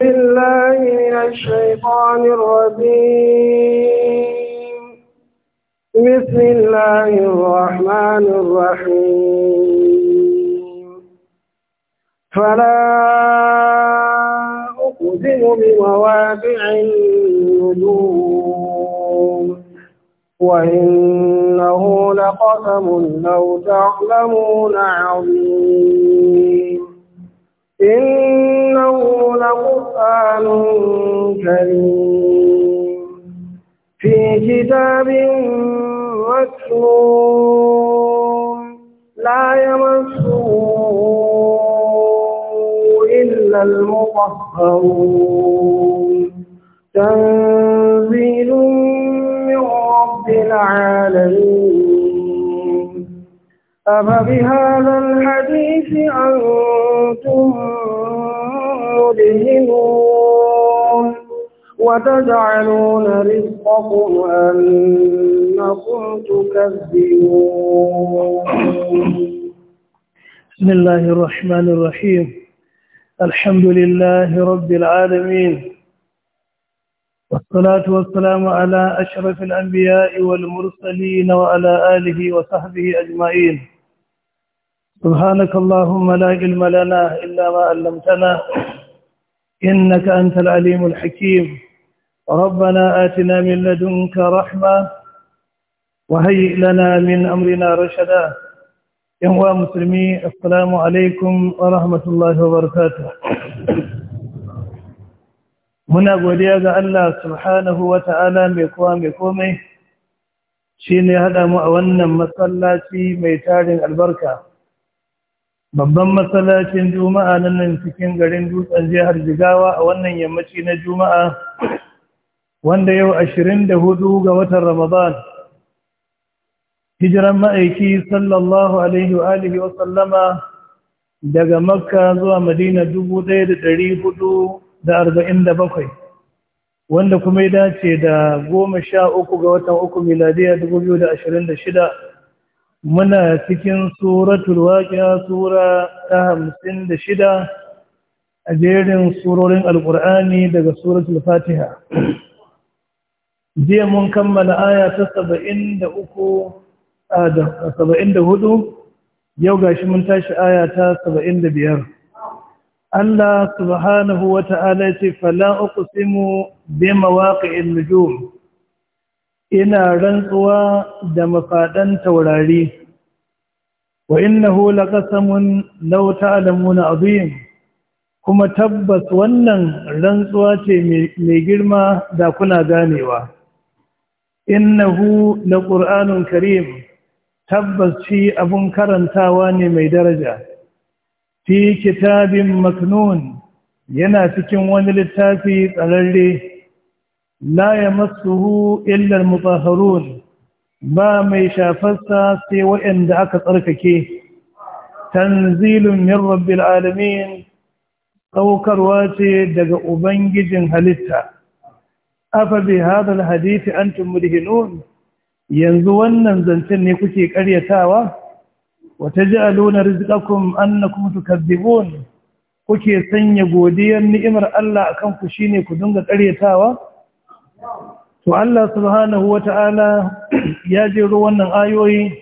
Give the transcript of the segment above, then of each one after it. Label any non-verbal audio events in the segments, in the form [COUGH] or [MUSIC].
بالله من الشيطان الرجيم بسم الله الرحمن الرحيم فلا أقسم بمواقع النجوم وإنه لقسم لو تعلمون عظيم إنه لقرآن كريم في كتاب مكتوب لا يمسه إلا المطهرون تنزيل من رب العالمين أفبهذا الحديث أنتم مدهنون وتجعلون رزقكم أنكم تكذبون بسم الله الرحمن الرحيم الحمد لله رب العالمين والصلاة والسلام على أشرف الأنبياء والمرسلين وعلى آله وصحبه أجمعين سبحانك اللهم لا علم لنا إلا ما علمتنا إنك أنت العليم الحكيم ربنا آتنا من لدنك رحمة وهيئ لنا من أمرنا رشدا ينوى مسلمي السلام عليكم ورحمة الله وبركاته muna godiya ga Allah subhanahu wa ta'ala mai kowa mai komai shi ne haɗa mu a wannan matsalaci mai tarin albarka babban matsalacin juma'a nan nan cikin garin dutsen jihar jigawa a wannan yammaci na juma'a wanda yau 24 ga watan ramadan hijiran ma'aiki sallallahu alaihi wa alihi wa sallama daga makka zuwa madina 1447 wanda kuma ya dace da 13 ga watan uku da 2026 muna cikin suratul waqi'a sura ta 56 a jerin surorin alqur'ani daga suratul fatiha jiya mun kammala aya ta 73 a 74 yau gashi mun tashi aya ta 75 Allah subhanahu wata'ala ta'ala ce fala uqsimu bi mawaqi'in nujum ina rantsuwa da mafaɗan taurari wa innahu laqasamun law ta'lamuna azim kuma tabbas wannan rantsuwa ce mai girma da kuna ganewa innahu laqur'anun karim tabbas shi abun karantawa ne mai daraja fi kitabin maknun yana cikin wani littafi tsararre la yamassuhu illa al-mutahharun ba mai shafarsa sai waɗanda aka tsarkake tanzilun min rabbil alamin saukarwa ce daga ubangijin halitta afa bi hadal hadisi antum mudhinun yanzu wannan zancen ne kuke karyatawa wa taj'aluna rizqakum annakum tukazzibun kuke sanya godiyar ni'imar Allah akan ku shine ku dinga karyatawa to Allah subhanahu ta'ala [CLEARS THROAT] ya jero wannan ayoyi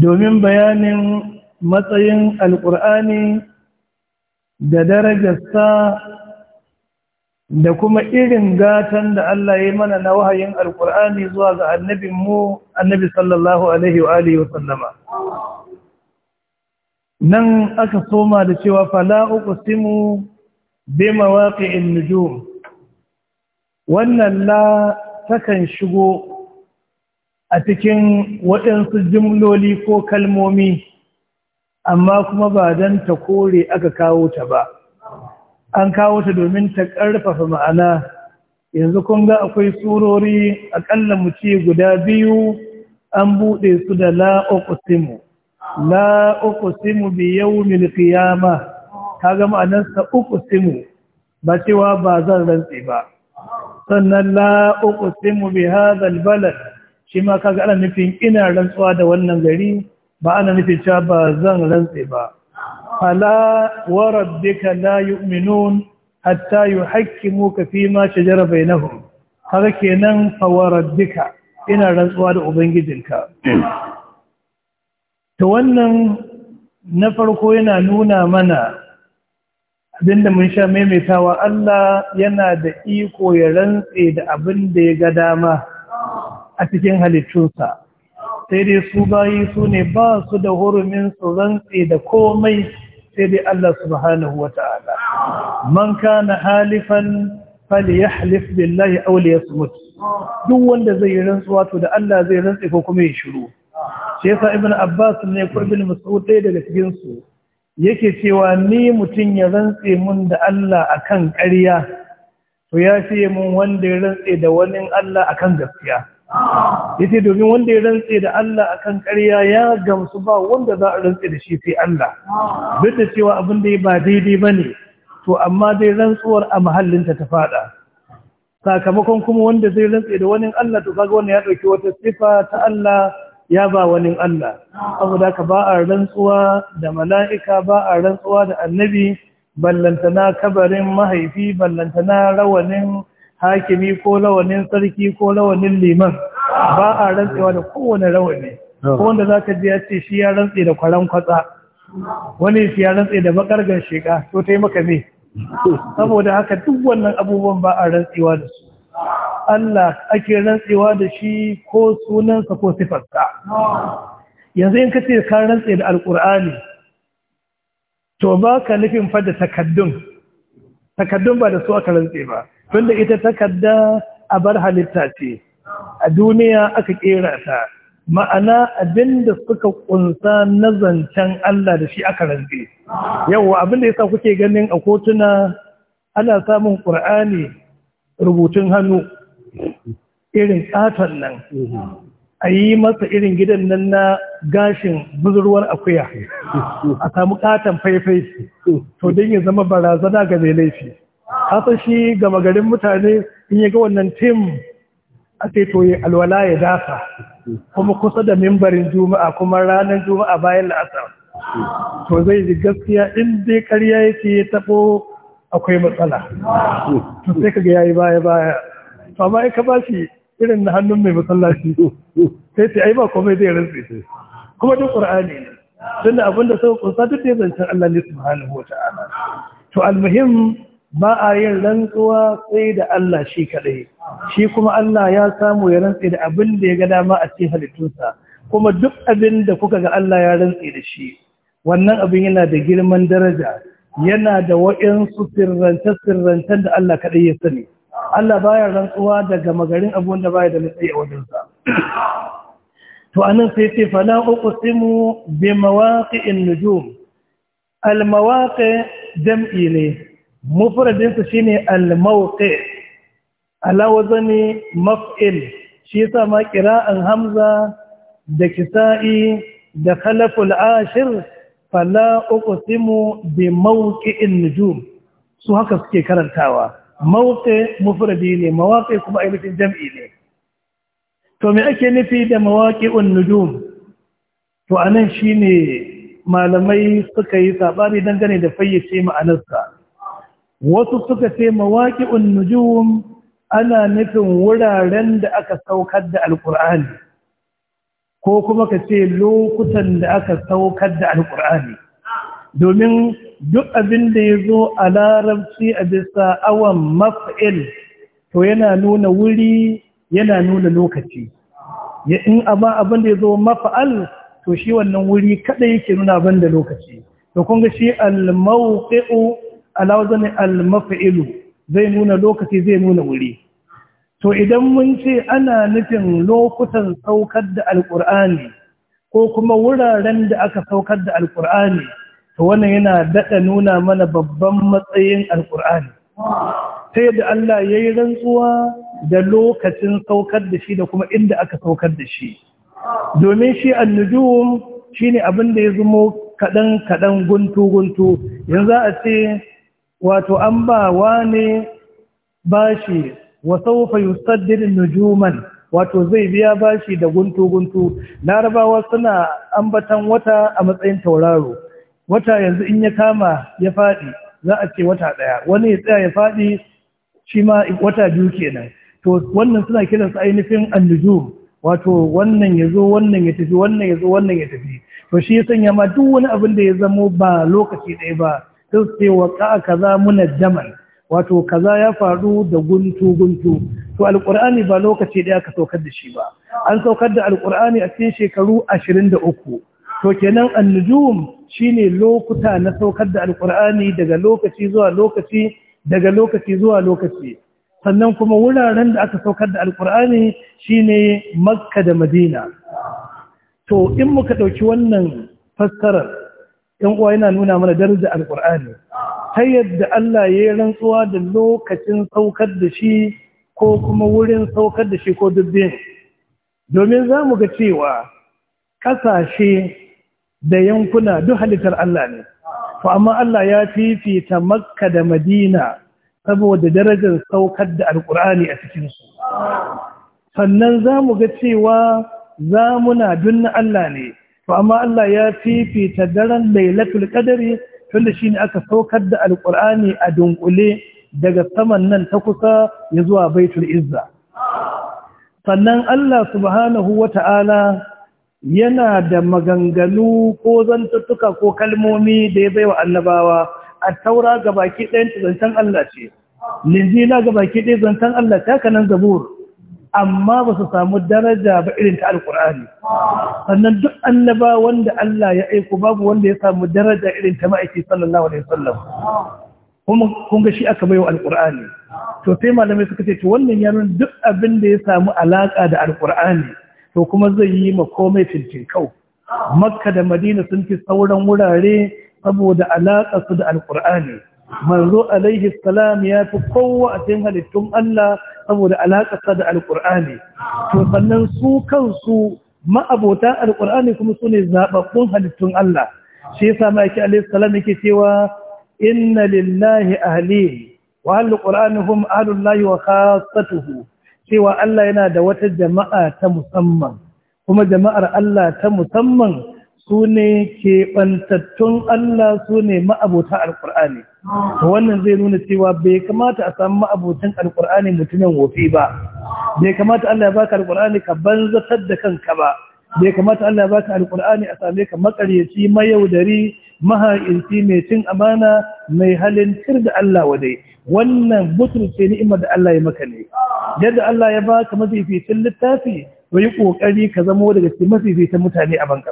domin bayanin matsayin alkur'ani da darajarsa da kuma irin gatan da Allah ya mana na wahayin alkur'ani zuwa ga annabinmu annabi sallallahu alaihi wa alihi wasallama nan aka soma da cewa fala uqsimu bi mawaqi'in nujum wannan la takan shigo a cikin waɗansu jimloli ko kalmomi amma kuma ba don ta kore aka kawo ta ba an kawo ta domin ta ƙarfafa ma'ana yanzu kun ga akwai surori aƙalla mu ce guda biyu an buɗe su da la'uƙusimu la'uƙusimu biyau milkiyama ta gama anansa uƙusimu ba cewa ba zan rantse ba sannan la uqsimu bi hadha albalad shi ma kaga ana nufin ina rantsuwa da wannan gari ba ana nufin cewa ba zan rantse ba fala wa rabbika la yu'minun hatta yuhaqqimuka fi ma shajara bainahum kaga kenan fa wa rabbika ina rantsuwa da ubangijinka to wannan na farko yana nuna mana abinda mun sha maimaitawa Allah yana da iko ya rantse da abin da ya ga dama a cikin halittunsa sai dai su bayi su ne ba su da hurumin su rantse da komai sai dai Allah subhanahu wata'ala man kana halifan falyahlif billahi aw liyasmut duk wanda zai yi rantsuwa to da Allah zai rantse ko kuma ya shiru shi yasa ibn Abbas ne ko ibn Mas'ud ɗaya daga cikin su yake cewa ni mutum ya rantse mun da Allah a kan ƙarya to ya ce mun wanda ya rantse da wani Allah a kan gaskiya Ya ce domin wanda ya rantse da Allah a kan ƙarya ya gamsu ba wanda za a rantse da shi sai Allah duk da cewa abin da ya ba daidai ba ne, to amma dai rantsuwar a mahallinta ta faɗa. sakamakon kuma wanda zai rantse da wani Allah to kaga wannan ya ɗauki wata sifa ta Allah ya ba wani Allah saboda ka ba a rantsuwa da mala'ika ba a rantsuwa da annabi ballantana kabarin mahaifi ballantana rawanin hakimi ko rawanin sarki ko rawanin liman ba a rantsuwa da kowane rawani ko wanda za ka ji ya ce shi ya rantsi da kwaran kwatsa wani shi ya rantsi da bakar gan to taimaka yi me saboda haka duk wannan abubuwan ba a rantsuwa da su Allah ake rantsewa da shi ko sunansa ko sifarsa yanzu in ka ce ka rantse da alkur'ani to ba ka nufin fada takaddun takaddun ba da su aka rantse ba tunda ita takadda a bar halitta ce a duniya aka ƙera ta ma'ana da suka ƙunsa na zancen Allah da shi aka rantse da abinda yasa kuke ganin a kotuna ana samun ƙur'ani rubutun hannu irin katon nan mhm. a yi masa irin gidan nan na gashin buzurwar akuya a samu katon faifai to don ya zama barazana ga mai laifi hasa shi gama garin mutane in ya ga wannan tim a sai to ya alwala ya dafa kuma kusa da mimbarin juma'a kuma ranar juma'a bayan la'asar to zai ji gaskiya in dai karya yake ya tabo akwai matsala to sai ka ga yayi baya baya to amma ka ba shi irin na hannun mai masallaci sai ta ai ba komai zai rantsi kuma duk qur'ani ne don da abinda sau kunsa duk da zancen Allah ne subhanahu wa ta'ala to almuhim ba a yin rantsuwa sai da Allah shi kadai shi kuma Allah ya samu ya rantsi da abin da ya ga dama a cikin halittunsa kuma duk abin da kuka ga Allah ya rantsi da shi wannan abin yana da girman daraja yana da wa'insu sirrance-sirrancen da Allah kadai ya sani Allah baya rantsuwa daga magarin abuwan da baya da matsayi a wajensa to anan sai ce fala simu bi mawaƙi nujum al almawaƙi jam'i ne mufradin shi ne al mawqi' ala maf'il shi yasa ma an hamza da kisa'i da kalaful ashir fala simu bi in nujum su haka suke karantawa mawqi mufradi ne mawaqi kuma ainihin jam'i ne to me ake nufi da mawaqi'un nujum to anan shine malamai suka yi sabani dangane da fayyace ma'anarsa wasu suka ce mawaqi'un nujum ana nufin wuraren da aka saukar da alqur'ani ko kuma ka ce lokutan da aka saukar da alqur'ani domin duk abin da ya zo a larabci a bisa awon maf'il to yana nuna wuri yana nuna lokaci in amma abin da ya zo maf'al to shi wannan wuri kada yake nuna ban da lokaci to kun ga shi al-mawqi'u ala al-maf'ilu zai nuna lokaci zai nuna wuri to idan mun ce ana nufin lokutan saukar da alkur'ani ko kuma wuraren da aka saukar da alkur'ani to wannan yana daɗa nuna mana babban matsayin alkur'ani ta yadda Allah ya yi rantsuwa da lokacin saukar da shi da kuma inda aka saukar da shi domin shi annujum shi ne abin da ya zumo kaɗan-kaɗan guntu-guntu yanzu a ce wato an ba wa ne bashi wa saufa yusaddirin nujuman wato zai biya bashi da guntu-guntu larabawa suna ambatan wata a matsayin tauraro wata yanzu in ya kama ya faɗi za a ce wata ɗaya wani ya tsaya ya faɗi shi ma wata biyu kenan to wannan suna kiransu ainihin annuju wato wannan ya zo wannan ya tafi wannan ya zo wannan ya tafi to shi ya sanya ma duk wani abin da ya zamo ba lokaci ɗaya ba sai su ce wa ka'a kaza muna wato kaza ya faru da guntu guntu to alqur'ani ba lokaci ɗaya ka saukar da shi ba an saukar da alqur'ani a cikin shekaru 23 to kenan annujum shine lokuta na saukar da alkur'ani daga lokaci zuwa lokaci daga lokaci zuwa lokaci sannan kuma wuraren da aka saukar da alkur'ani shine makka da madina to in muka ɗauki wannan fassarar yan uwa yana nuna mana daraja alkur'ani ta yadda Allah ya yi rantsuwa da lokacin saukar da shi ko kuma wurin saukar da shi ko dubbin domin za mu ga cewa ƙasashe da yankuna duk halittar Allah ne Ku amma Allah ya fifita Makka da Madina saboda darajar saukar da Alƙur'ani a cikinsu. Sannan za mu ga cewa za zamuna dunna Allah ne Ku amma Allah ya fifita daren Lailatul da shi ne aka saukar da Alƙur'ani a dunkule daga saman nan ta kusa ya zuwa Baitul Izza sannan Allah subhanahu wata'ala yana da maganganu ko zantuttuka ko kalmomi da ya baiwa annabawa a taura ga baki ɗayan zancen Allah ce linjila ga baki ɗaya zancen Allah ta kanan zabur amma ba su samu daraja ba irin ta Alƙur'ani. sannan duk annaba wanda Allah ya aiko babu wanda ya samu daraja irin ta ma'aiki sallallahu alaihi wasallam kuma kun ga shi aka baiwa Alƙur'ani. to sai malamai suka ce to wannan ya duk abin da ya samu alaka da Alƙur'ani. to kuma zai yi ma komai fintinkau makka da madina sun fi sauran wurare saboda alaƙa su da alƙur'ani manzo alaihi salam ya fi kowa a cikin halittun Allah saboda alaƙarsa da alƙur'ani to sannan su kansu ma'abota alƙur'ani kuma su ne zaɓaɓɓun halittun Allah shi yasa maki alaihi salam yake cewa inna lillahi ahlihi wa ahlul qur'ani hum ahlullahi wa khassatuhu cewa Allah yana da wata jama'a ta musamman kuma jama'ar Allah ta musamman su ne keɓantattun Allah su ne ma'abota alƙur'ani wannan zai nuna cewa bai kamata a samu ma'abotan alƙur'ani mutumin wofi ba bai kamata Allah ya baka alƙur'ani ka banzatar da kanka ba bai kamata Allah ya baka alƙur'ani a same ka makaryaci mayaudari maha'inci mai cin amana mai halin tir da Allah wadai wannan mutunce ni'imar da Allah ya maka ne yadda Allah ya baka mafificin littafi wai kokari ka zamo daga cikin mafificin mutane a ban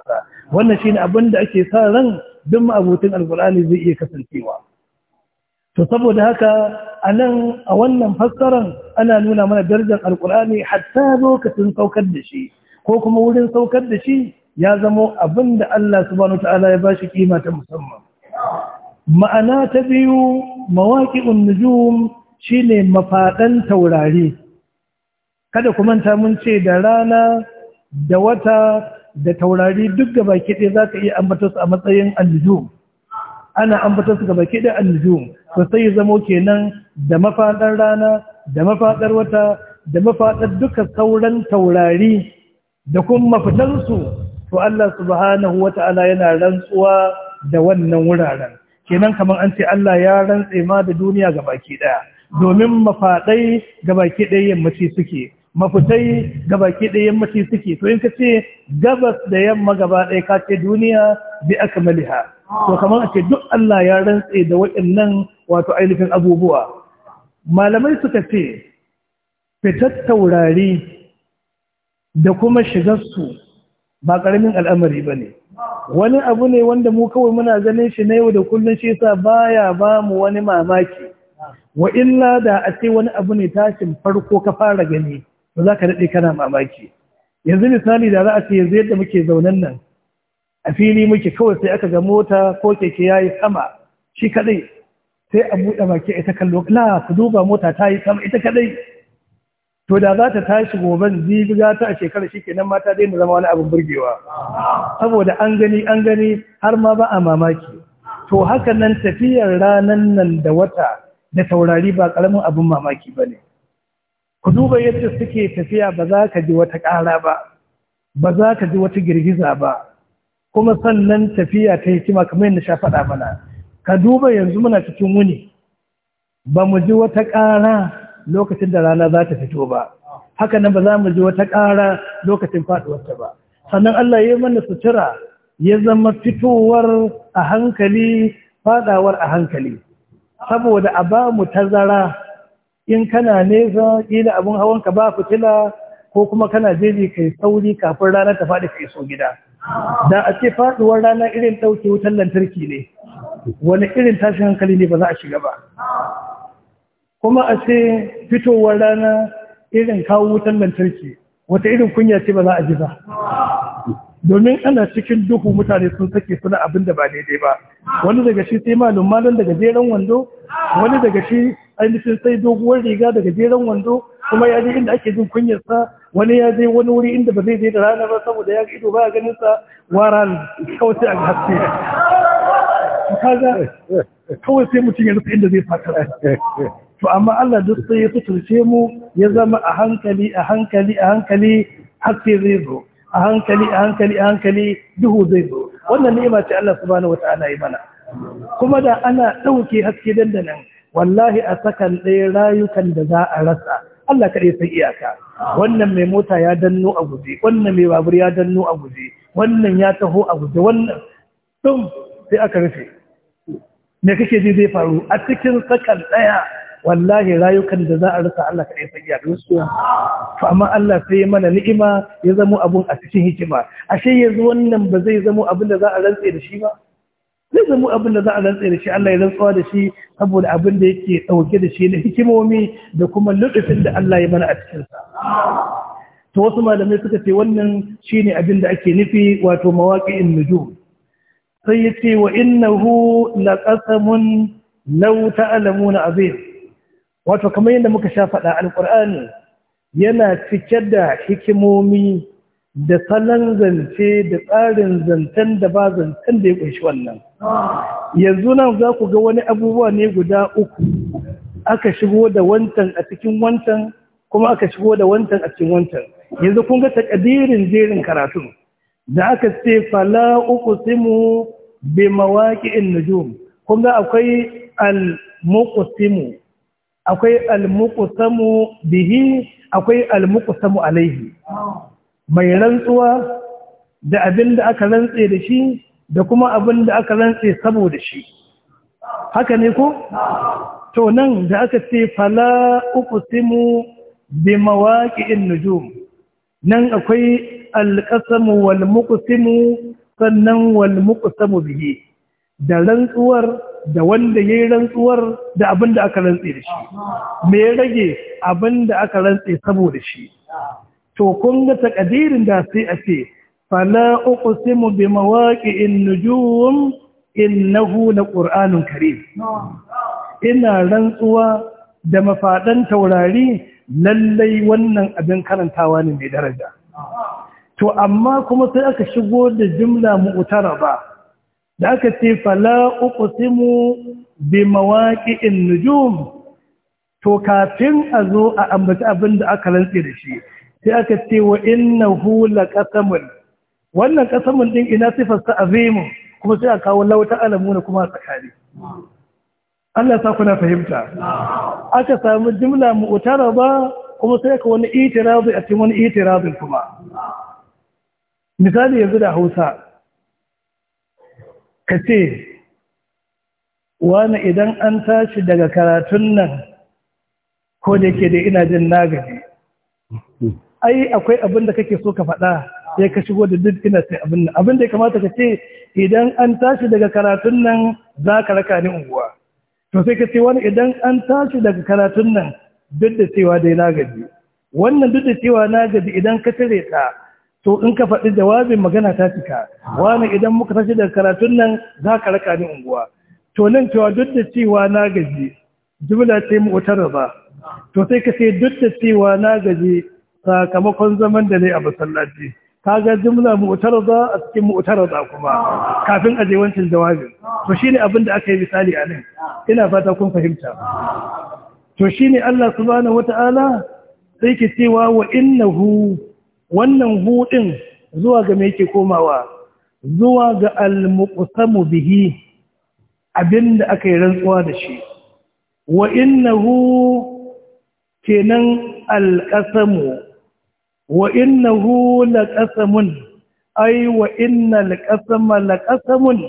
wannan shine abin da ake sa ran duk ma'abutin alqur'ani zai iya kasancewa to saboda haka anan a wannan fassaran ana nuna mana darajar alqur'ani hatta lokacin saukar da shi ko kuma wurin saukar da shi ya zamo abin da Allah subhanahu wataala ya bashi kima ta musamman ma'ana ta biyu mawaƙi'un nujum shine mafaɗan taurari kada ku manta mun ce da rana da wata da taurari duk gaba kiɗe za ka iya ambata su a matsayin annujum ana ambata su gaba kiɗe annujum ko sai ya zamo kenan da mafaɗar rana da mafaɗar wata da mafaɗar duka sauran taurari da kuma su, to Allah subhanahu wata'ala yana rantsuwa da wannan wuraren kenan kamar an ce Allah ya rantse ma da duniya ga baki daya domin mafadai ga baki ɗaya yammaci suke mafitai ga baki ɗaya yammaci suke to in ka ce gabas da yamma gaba ɗaya ka ce duniya bi akmaliha to kamar a ce duk Allah ya rantse da waɗannan wato ainihin abubuwa malamai suka ce fitar taurari da kuma shigar su ba ƙaramin al'amari ba ne wani abu ne wanda mu kawai muna ganin shi na yau da kullum shi yasa baya ba mu wani mamaki wa illa da a ce wani abu ne tashin farko ka fara gani ba za ka daɗe kana mamaki yanzu misali da za a ce yanzu yadda muke zaunan nan a fili muke kawai sai aka ga mota ko keke ya yi sama shi kaɗai sai a buɗe baki ita kallo la ku duba mota ta yi sama ita kaɗai to da za ta tashi goben za ta a shekarar shi kenan mata daina zama wani abin burgewa saboda an gani an gani har ma ba a mamaki to haka nan tafiyar ranan nan da wata da taurari ba karamin abin mamaki ba ne ku duba yadda suke tafiya ba za ka ji wata ƙara ba ba za ka ji wata girgiza ba kuma sannan tafiya ta yi kima kamar yadda sha faɗa mana ka duba yanzu muna cikin wuni ba mu ji wata ƙara lokacin da rana za ta fito ba haka nan ba za mu ji wata ƙara lokacin faɗuwarta ba sannan Allah ya yi mana sutura ya zama fitowar a hankali faɗawar a hankali saboda a ba mu tazara in kana nesa ƙila abin hawan ka ba fitila ko kuma kana jeji kai sauri kafin rana ta faɗi kai so gida da a ce faɗuwar rana irin ɗauke wutan lantarki ne wani irin tashin hankali ne ba za a shiga ba kuma a ce fitowar rana irin kawo wutan lantarki wata irin kunya ce ba za a ji ba domin ana cikin duhu mutane sun sake suna abin da ba daidai ba wani daga shi sai malum malum daga jeren wando wani daga shi ainihin sai doguwar riga daga jeren wando kuma ya je inda ake jin kunyarsa wani ya je wani wuri inda ba zai je da rana ba saboda ya ido ba ganin sa wara kawai sai a ga haske kaga kawai sai mutum ya rufe inda zai fata to amma Allah duk sai ya fitirce mu ya zama a hankali a hankali a hankali haske zai zo a hankali a hankali a hankali duhu zai zo wannan ni'ima ce Allah subhanahu wata'ala ya mana kuma da ana ɗauke haske dandanan wallahi a sakan ɗaya rayukan da za a rasa Allah kaɗai sai iyaka wannan mai mota ya danno a guje wannan mai babur ya danno a guje wannan ya taho a guje wannan dum sai aka rufe me kake ji zai faru a cikin sakan ɗaya wallahi rayukan da za a rasa Allah kaɗai san iyakar su to amma Allah sai mana ni'ima ya zamo abun a cikin hikima ashe yanzu wannan ba zai zamo abin da za a rantse da shi ba zai zamo abin da za a rantse da shi Allah ya rantsuwa da shi saboda abin da yake ɗauke da shi na hikimomi da kuma lutufin da Allah ya mana a cikin sa to wasu malamai suka ce wannan shine abin da ake nufi wato mawaqi'in nujum sai yace wa innahu laqasamun law ta'lamuna azim wato kamar yadda muka sha faɗa alƙur'ani yana cike da hikimomi da salon zance da tsarin zancen da ba zancen da ya ƙunshi wannan yanzu nan za ku ga wani abubuwa ne guda uku aka shigo da wancan a cikin wancan kuma aka shigo da wancan a cikin wancan yanzu kun ga takadirin jerin karatu. da aka ce fala uqsimu bi in nujum kun ga akwai al simu." akwai almuqsamu bihi akwai almuqsamu alaihi mai rantsuwa da abin da aka rantse da shi da kuma abin da aka rantse saboda shi haka ne ko to nan da aka ce fala uqsimu bi mawaqi'in nujum nan akwai alqasamu wal muqsimu sannan wal muqsamu bihi da rantsuwar da wanda ya yi rantsuwar da abin da aka rantse da shi mai rage abin da aka rantse saboda shi to kun ga ƙadirin da sai a ce fala mu bi mawaƙi in in na innahu ƙur'anun kare. ina rantsuwa da mafaɗan taurari lallai wannan abin karantawa ne mai daraja to amma kuma sai aka shigo da jumla ba. da aka ce fala uqsimu bi mawaqi'in nujum to kafin a zo a ambaci abin da aka rantse da shi sai aka ce wa innahu laqasamun wannan qasamun din ina sifar sa azimu kuma sai a kawo lauta alamuna kuma tsakani Allah sa kuna fahimta aka samu jumla utara ba kuma sai ka wani itirazi a cikin wani itirazin kuma misali yanzu da Hausa ka ce wani idan an tashi daga karatun nan ko da yake da ina jin nagari ai akwai abin da kake so ka faɗa sai ka shigo da duk ina sai abin nan abin da ya kamata ka ce idan an tashi daga karatun nan za ka raka ni unguwa to sai ka ce wani idan an tashi daga karatun nan duk da cewa dai na gaji wannan duk da cewa na gaji idan ka cire ta to in ka faɗi jawabin magana ta cika wani idan muka tashi da karatun nan za ka raka ni unguwa to nan cewa duk da cewa na gaji jimla ce mu wutar ba to sai ka ce duk da cewa na gaji sakamakon zaman da ne a masallaci kaga jimla mu wutar ba a cikin mu wutar ba kuma kafin a wancan jawabin to shine abin da aka yi misali a nan ina fata kun fahimta to shine Allah subhanahu wataala sai ke cewa wa innahu wannan hudin zuwa ga me yake komawa zuwa ga al-muqsamu bihi abinda aka yi rantsuwa da shi wa innahu kenan al-qasamu wa innahu laqasamun ay wa innal qasama laqasamun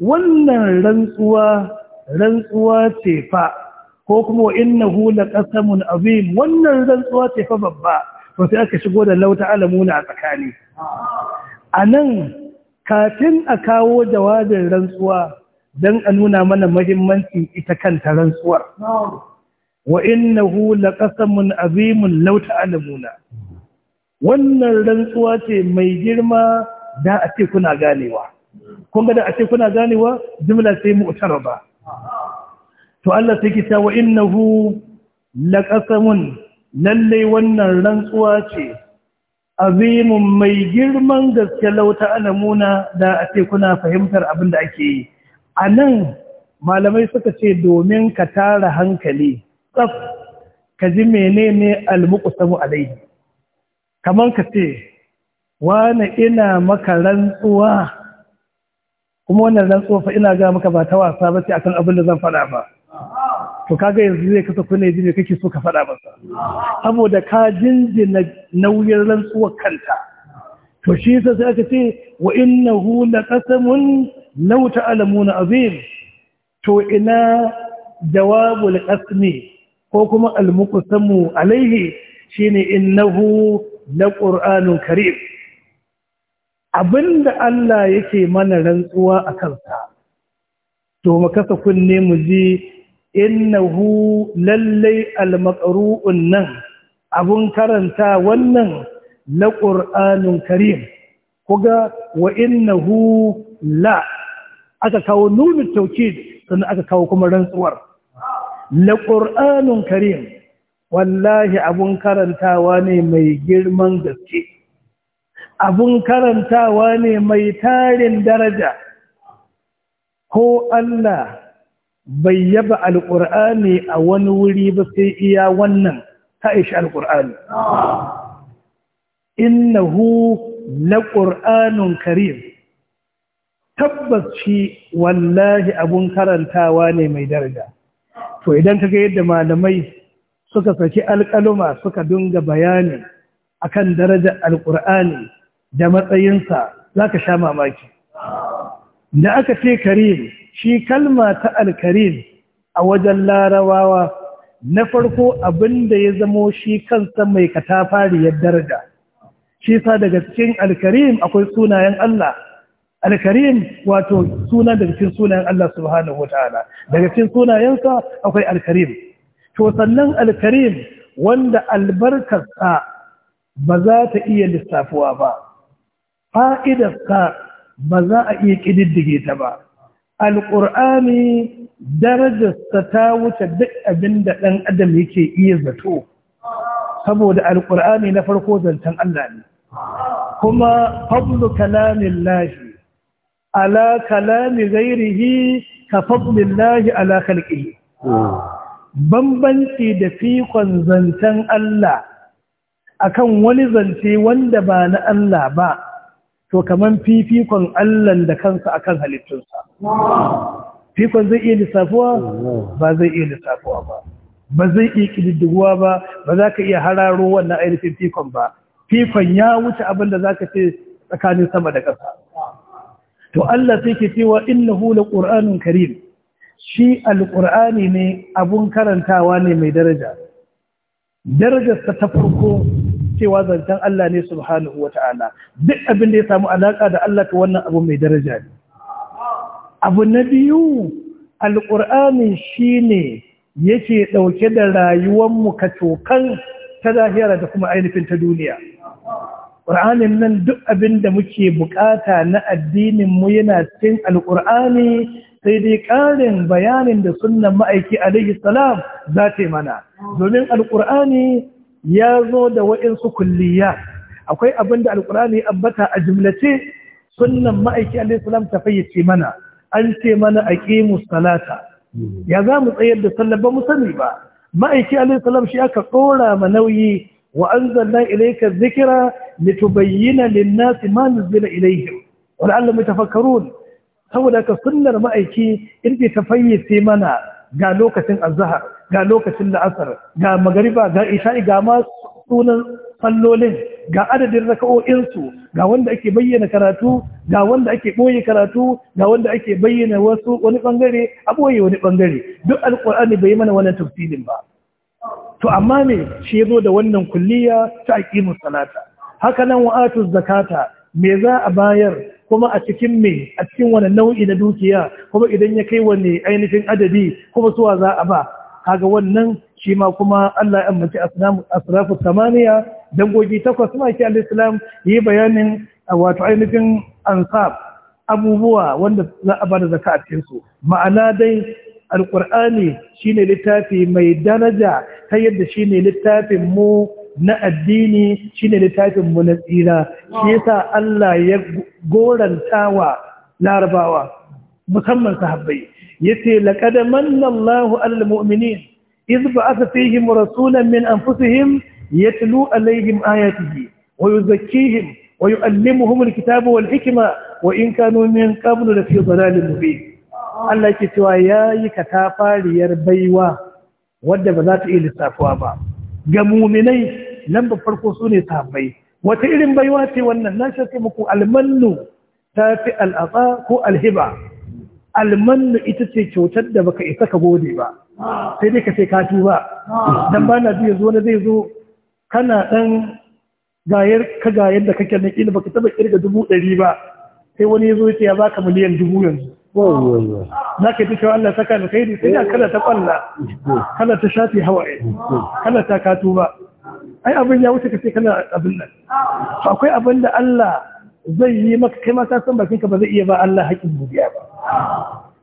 wannan rantsuwa rantsuwa ce fa ko kuma wa innahu laqasamun azim wannan rantsuwa ce fa babba to sai aka shigo da lauta alamuna a tsakani a nan kafin a kawo jawabin rantsuwa don a nuna mana mahimmanci ita kanta rantsuwar wa hu innahu laqasamun azimun lauta alamuna wannan rantsuwa ce mai girma da a ce kuna ganewa kun ga da a ce kuna ganewa jimla sai mu ba. to Allah sai ki ta wa innahu laqasamun lallai wannan rantsuwa ce azimun mai girman gaske lauta alamuna da a ce kuna fahimtar abin da ake yi a nan malamai suka ce domin ka tara hankali tsaf ka ji menene almukusamu alaihi Kamar ka ce wani ina maka rantsuwa kuma wannan rantsuwa fa ina ga maka ba ta wasa ba ce akan abin da zan faɗa ba to kaga yanzu zai kasa kuna ji me kake so ka faɗa masa saboda ka jinjina nauyin rantsuwar kanta to shi yasa sai aka ce wa innahu laqasamun law ta'lamuna azim to ina jawabul qasmi ko kuma muqsamu alaihi shine innahu laqur'anun karim abinda Allah yake mana rantsuwa a kansa to mu kunne mu ji innahu lallai almaqru'un nan abun karanta wannan la qur'anun karim kuga wa innahu la aka kawo nunu tawkid sannan aka kawo kuma rantsuwar la qur'anun karim wallahi abun karantawa ne mai girman gaske abun karantawa ne mai tarin daraja ko Allah bai yaba alƙur'ani a wani wuri ba sai iya wannan ta ishi alƙur'ani innahu na ƙur'anun karim tabbas shi wallahi abun karantawa ne mai daraja to idan ka kaga yadda malamai suka saki alƙaluma suka dunga bayani a kan daraja alƙur'ani da matsayinsa za ka sha mamaki da aka ce karim shi kalma ta alkarim a wajen larabawa na farko abinda ya zamo shi kansa mai ya darga shi sa daga cikin alkarim akwai sunayen Allah alkarim wato suna daga cikin sunayen Allah subhanahu wataala daga cikin sunayensa akwai alkarim to sannan alkarim wanda albarkarsa ba za ta iya lissafuwa ba fa'idarsa ba za a iya ƙididdige ta ba alƙur'ani darajarsa ta wuce duk abin da ɗan adam yake iya zato saboda alƙur'ani na farko zancen Allah ne kuma fadlu kalamin lahi ala kalami zairihi, ka fadlin lahi ala kalƙihi bambanci da fikon zancen Allah akan wani zance wanda ba na Allah ba to kaman fifikon Allah da kansa akan halittunsa fikon zai iya lissafuwa ba zai iya lissafuwa ba ba zai iya ƙididdiguwa ba ba za ka iya hararo wannan ainihin fikon ba fikon ya wuce abin da za ka ce tsakanin sama da ƙasa to Allah sai ke cewa hula ƙur'anun karim shi alqur'ani ne abun karantawa ne mai daraja darajarsa ta farko cewa zancen Allah ne subhanahu wata'ala duk abin da ya samu alaka da Allah ka wannan abu mai daraja ne abu na biyu alƙur'ani shi ne yake ɗauke da rayuwanmu ka cokan ta zahira da kuma ainihin ta duniya ƙur'anin nan duk abin da muke bukata na addininmu yana cikin alƙur'ani sai dai ƙarin bayanin da sunan ma'aiki alaihi salam za ta yi mana domin alƙur'ani ya zo da waɗansu kulliya akwai abin da alƙur'ani ya ambata a jimlace sunan ma'aiki alaihi salam ta fayyace mana an ce mana aqimu salata ya za mu tsayar da sallaba ba mu sani ba ma'aiki alaihi shi aka tsora ma nauyi wa anzalna zikira, dhikra litubayyana lin-nasi ma nuzila Wani wa mai yatafakkarun saboda ka sunnar ma'aiki in ta tafayyace mana ga lokacin azahar ga lokacin la'asar ga magariba ga isha'i ga ma sunan sallolin ga adadin raka'o'insu ga wanda ake bayyana karatu ga wanda ake ɓoye karatu ga wanda ake bayyana wasu wani ɓangare a ɓoye wani ɓangare duk alƙur'ani bai mana wannan tafsirin ba to amma me shi yazo da wannan kulliya ta aqimu salata haka nan wa'atu zakata me za a bayar kuma a cikin me a cikin wani nau'i na dukiya kuma idan ya kai wani ainihin adadi kuma suwa za a ba kaga wannan shi ma kuma Allah ya ambaci asrafu samaniya dangogi takwas maki al-islam yi bayanin wato ainihin ansab abubuwa wanda za a bada zaka a cikinsu. ma'ana dai alqur'ani shine littafi mai daraja ta yadda shine littafin mu na addini shine littafin mu na tsira shi yasa Allah ya gorantawa larabawa musamman sahabbai yace laqad manna Allahu alal mu'minin idh ba'atha fihim rasulan min anfusihim يتلو عليهم آياته ويزكيهم ويؤلمهم الكتاب والحكمة وإن كانوا من قبل لفي ضلال مبين Allah ke cewa yayi katafariyar baiwa wadda ba za ta iya lissafuwa ba. Ga muminai lamba farko su ne sahabbai. Wata irin baiwa ce wannan na shafi muku almannu ta fi al'atsa ko alhiba. Almannu ita ce kyautar da baka isa ka gode ba. Sai dai ka ce ka tuba. Dan ba na biyu zo na zai zo kana ɗan gayar ka gayar da kake na ƙila baka taɓa ƙirga dubu ɗari ba sai wani ya zo ya baka miliyan dubu yanzu Na ka yi ta Allah saka da kai sai da kala ta ƙwalla kada ta shafi hawaye kada ta kato ba ai abin ya wuce ka ce kana abin nan akwai abin da Allah zai yi maka kai ka san bakin ka ba zai iya ba Allah haƙƙin godiya ba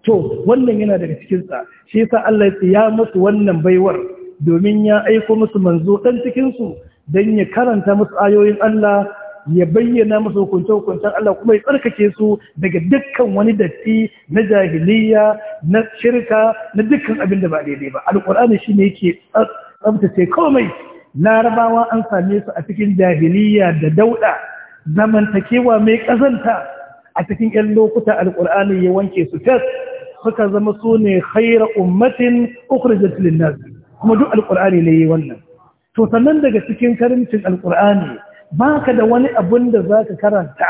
to wannan yana daga cikin sa shi yasa Allah ya mutu wannan baiwar domin ya aiko musu manzo ɗan cikinsu don ya karanta musu ayoyin Allah ya bayyana musu hukunce-hukuncen Allah kuma ya tsarkake su daga dukkan wani datti na jahiliya na shirka na dukkan abin da ba daidai ba alƙur'ani shi ne yake tsabtace komai larabawa an same su a cikin jahiliya da dauɗa zamantakewa mai ƙazanta a cikin 'yan lokuta alƙur'ani ya wanke su tas suka zama su ne khaira ummatin ukhrijat lin nasi kuma duk alkur'ani ne yi wannan to sannan daga cikin karimcin alkur'ani ba ka da wani abin da za ka karanta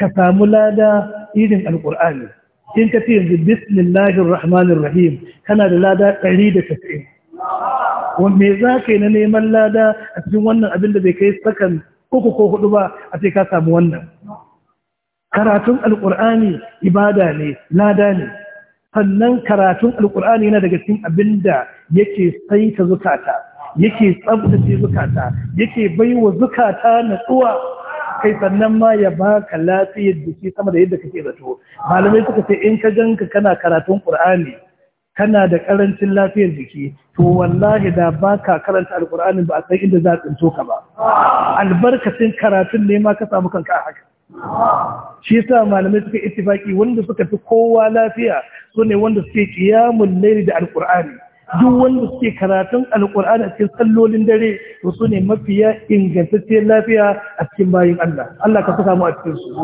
ka samu lada irin alkur'ani in ka ce yanzu bismillahir rahmanir rahim kana da lada 190 me za ka yi na neman lada a cikin wannan abin da bai kai sakan uku ko hudu ba a ce ka samu wannan karatun alkur'ani ibada ne lada ne sannan karatun alkur'ani yana daga cikin abin da yake saita zukata yake tsabtace zukata yake baiwa zukata natsuwa kai sannan ma ya baka lafiyar jiki sama da yadda kake zato malamai suka ce in ka ganka kana karatun qur'ani kana da karancin lafiyar jiki to wallahi da ba ka karanta alkur'ani ba a san inda za a tsinto ka ba albarkacin karatun ne ma ka samu kanka a haka shi sa malamai suka ittifaki wanda suka fi kowa lafiya su ne wanda suke kiyamun lairi da alkur'ani duk wanda suke karatun alkur'ani a cikin tsallolin dare to su ne mafiya ingantacciyar lafiya a cikin bayan Allah Allah ka saka mu a cikin su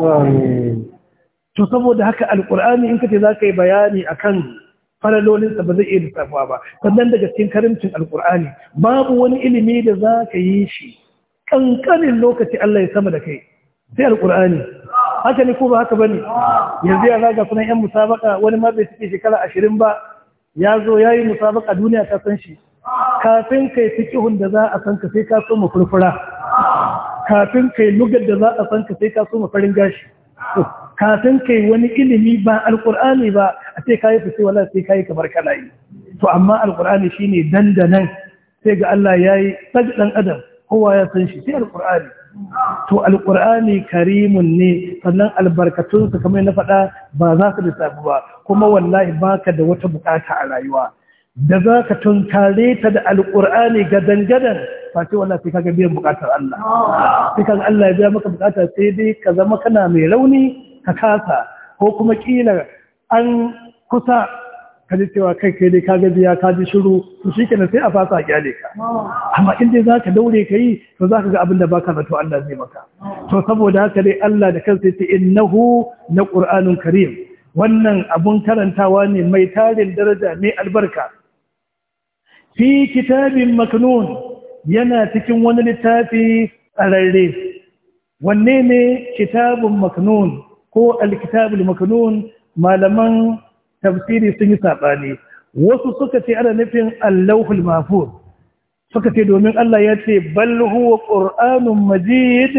to saboda haka alkur'ani in kace ka yi bayani akan faralolinsa ba zai iya lissafuwa ba sannan daga cikin karimcin alkur'ani babu wani ilimi da za ka yi shi ƙanƙanin lokaci Allah ya sama da kai sai Alƙur'ani haka ne ko ba haka bane yanzu ya zaga sunan yan musabaka wani ma bai cike shekara ashirin ba ya zo yayi yi musabaka duniya ta san shi kafin kai fikihun da za a san ka sai ka so mu furfura kafin kai lugar da za a san ka sai ka so mu farin gashi kafin kai wani ilimi ba alkur'ani ba a ce ka fice wala sai kayi kamar kana yi to amma alkur'ani shine dandanan sai ga Allah yayi ɗan adam kowa ya san shi sai alkur'ani to alƙur'ani karimun ne sannan albarkatunsa kamar na faɗa ba za su lissafi ba kuma wallahi baka da wata bukata a rayuwa da za ka tunkare ta da alƙur'ani ga dangadan Fati wallahi sai kaga biyan bukatar Allah sai Allah ya biya maka bukata sai dai ka zama kana mai rauni ka kasa ko kuma kila an kusa ka cewa kai kai dai ka gajiya ka ji shiru to shi kenan sai a fasa kyale ka amma in dai za ka daure ka yi to za ka ga abin da baka zato Allah zai maka to saboda haka dai Allah da kansa sai ce innahu na qur'anun karim wannan abun karantawa ne mai tarin daraja mai albarka fi kitabin maknun yana cikin wani littafi tsararre wanne ne kitabun maknun ko alkitabul maknun malaman tafsiri sun yi saɓani wasu suka ce ana nufin allahul mafur suka ce domin Allah ya ce bal huwa qur'anun majid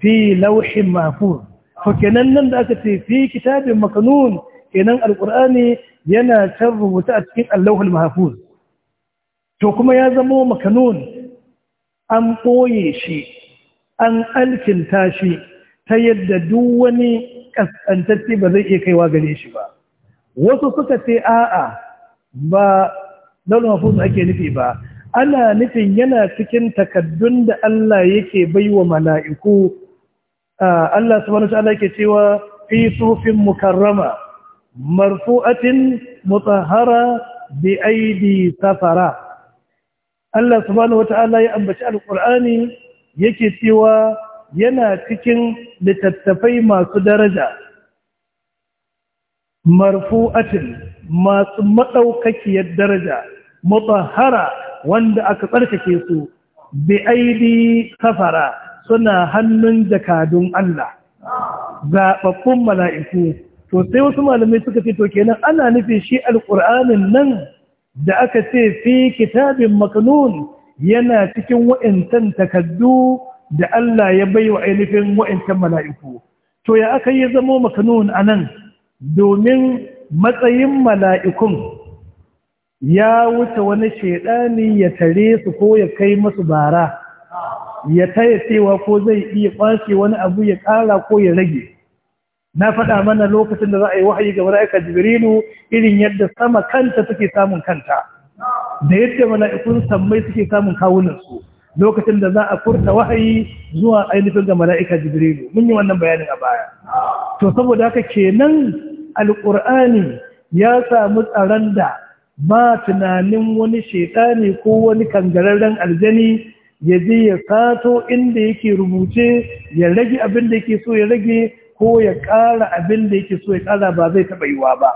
fi lauhin mafur to kenan nan da aka ce fi kitabin makanun kenan Alƙur'ani yana can rubuta a cikin allahul to kuma ya zamo makanun an ɓoye shi an alkinta shi ta yadda duk wani kaskantacce ba zai iya kaiwa gare shi ba wasu suka ce a'a ba launin mafuz ake nufi ba ana nufin yana cikin takaddun da Allah yake baiwa mala'iku Allah subhanahu wa ta'ala yake cewa fi sufin mukarrama marfu'atin mutahhara bi aidi safara Allah subhanahu wa ta'ala ya ambaci alqur'ani yake cewa yana cikin littattafai masu daraja marfu'atin masu maɗaukakiyar daraja mutahara wanda aka tsarkake su bi aidi kafara suna hannun jakadun Allah zaɓaɓɓun mala'iku to sai wasu malamai suka ce to kenan ana nufin shi alƙur'anin nan da aka ce fi kitabin makanun yana cikin wa'intan takaddu da Allah ya bai wa ainihin wa'intan mala'iku to ya aka yi zamo makanun a nan domin matsayin mala'ikun ya wuce wani shaidani ya tare su ko ya kai masu bara ya taya cewa ko zai iya kwace wani abu ya ƙara ko ya rage na faɗa mana lokacin da za a yi wahayi ga mala'ika jibrilu irin yadda sama kanta suke samun kanta da yadda mala'ikun sammai suke samun kawunansu lokacin da za a furta wahayi zuwa ainihin ga mala'ika jibrilu mun yi wannan bayanin a baya to saboda haka kenan alƙur'ani ya samu tsaron da ba tunanin wani shekani ko wani kangararren aljani ya je ya sato inda yake rubuce ya rage abin da yake so ya rage ko ya ƙara abin da yake so ya ƙara ba zai taɓa yiwa ba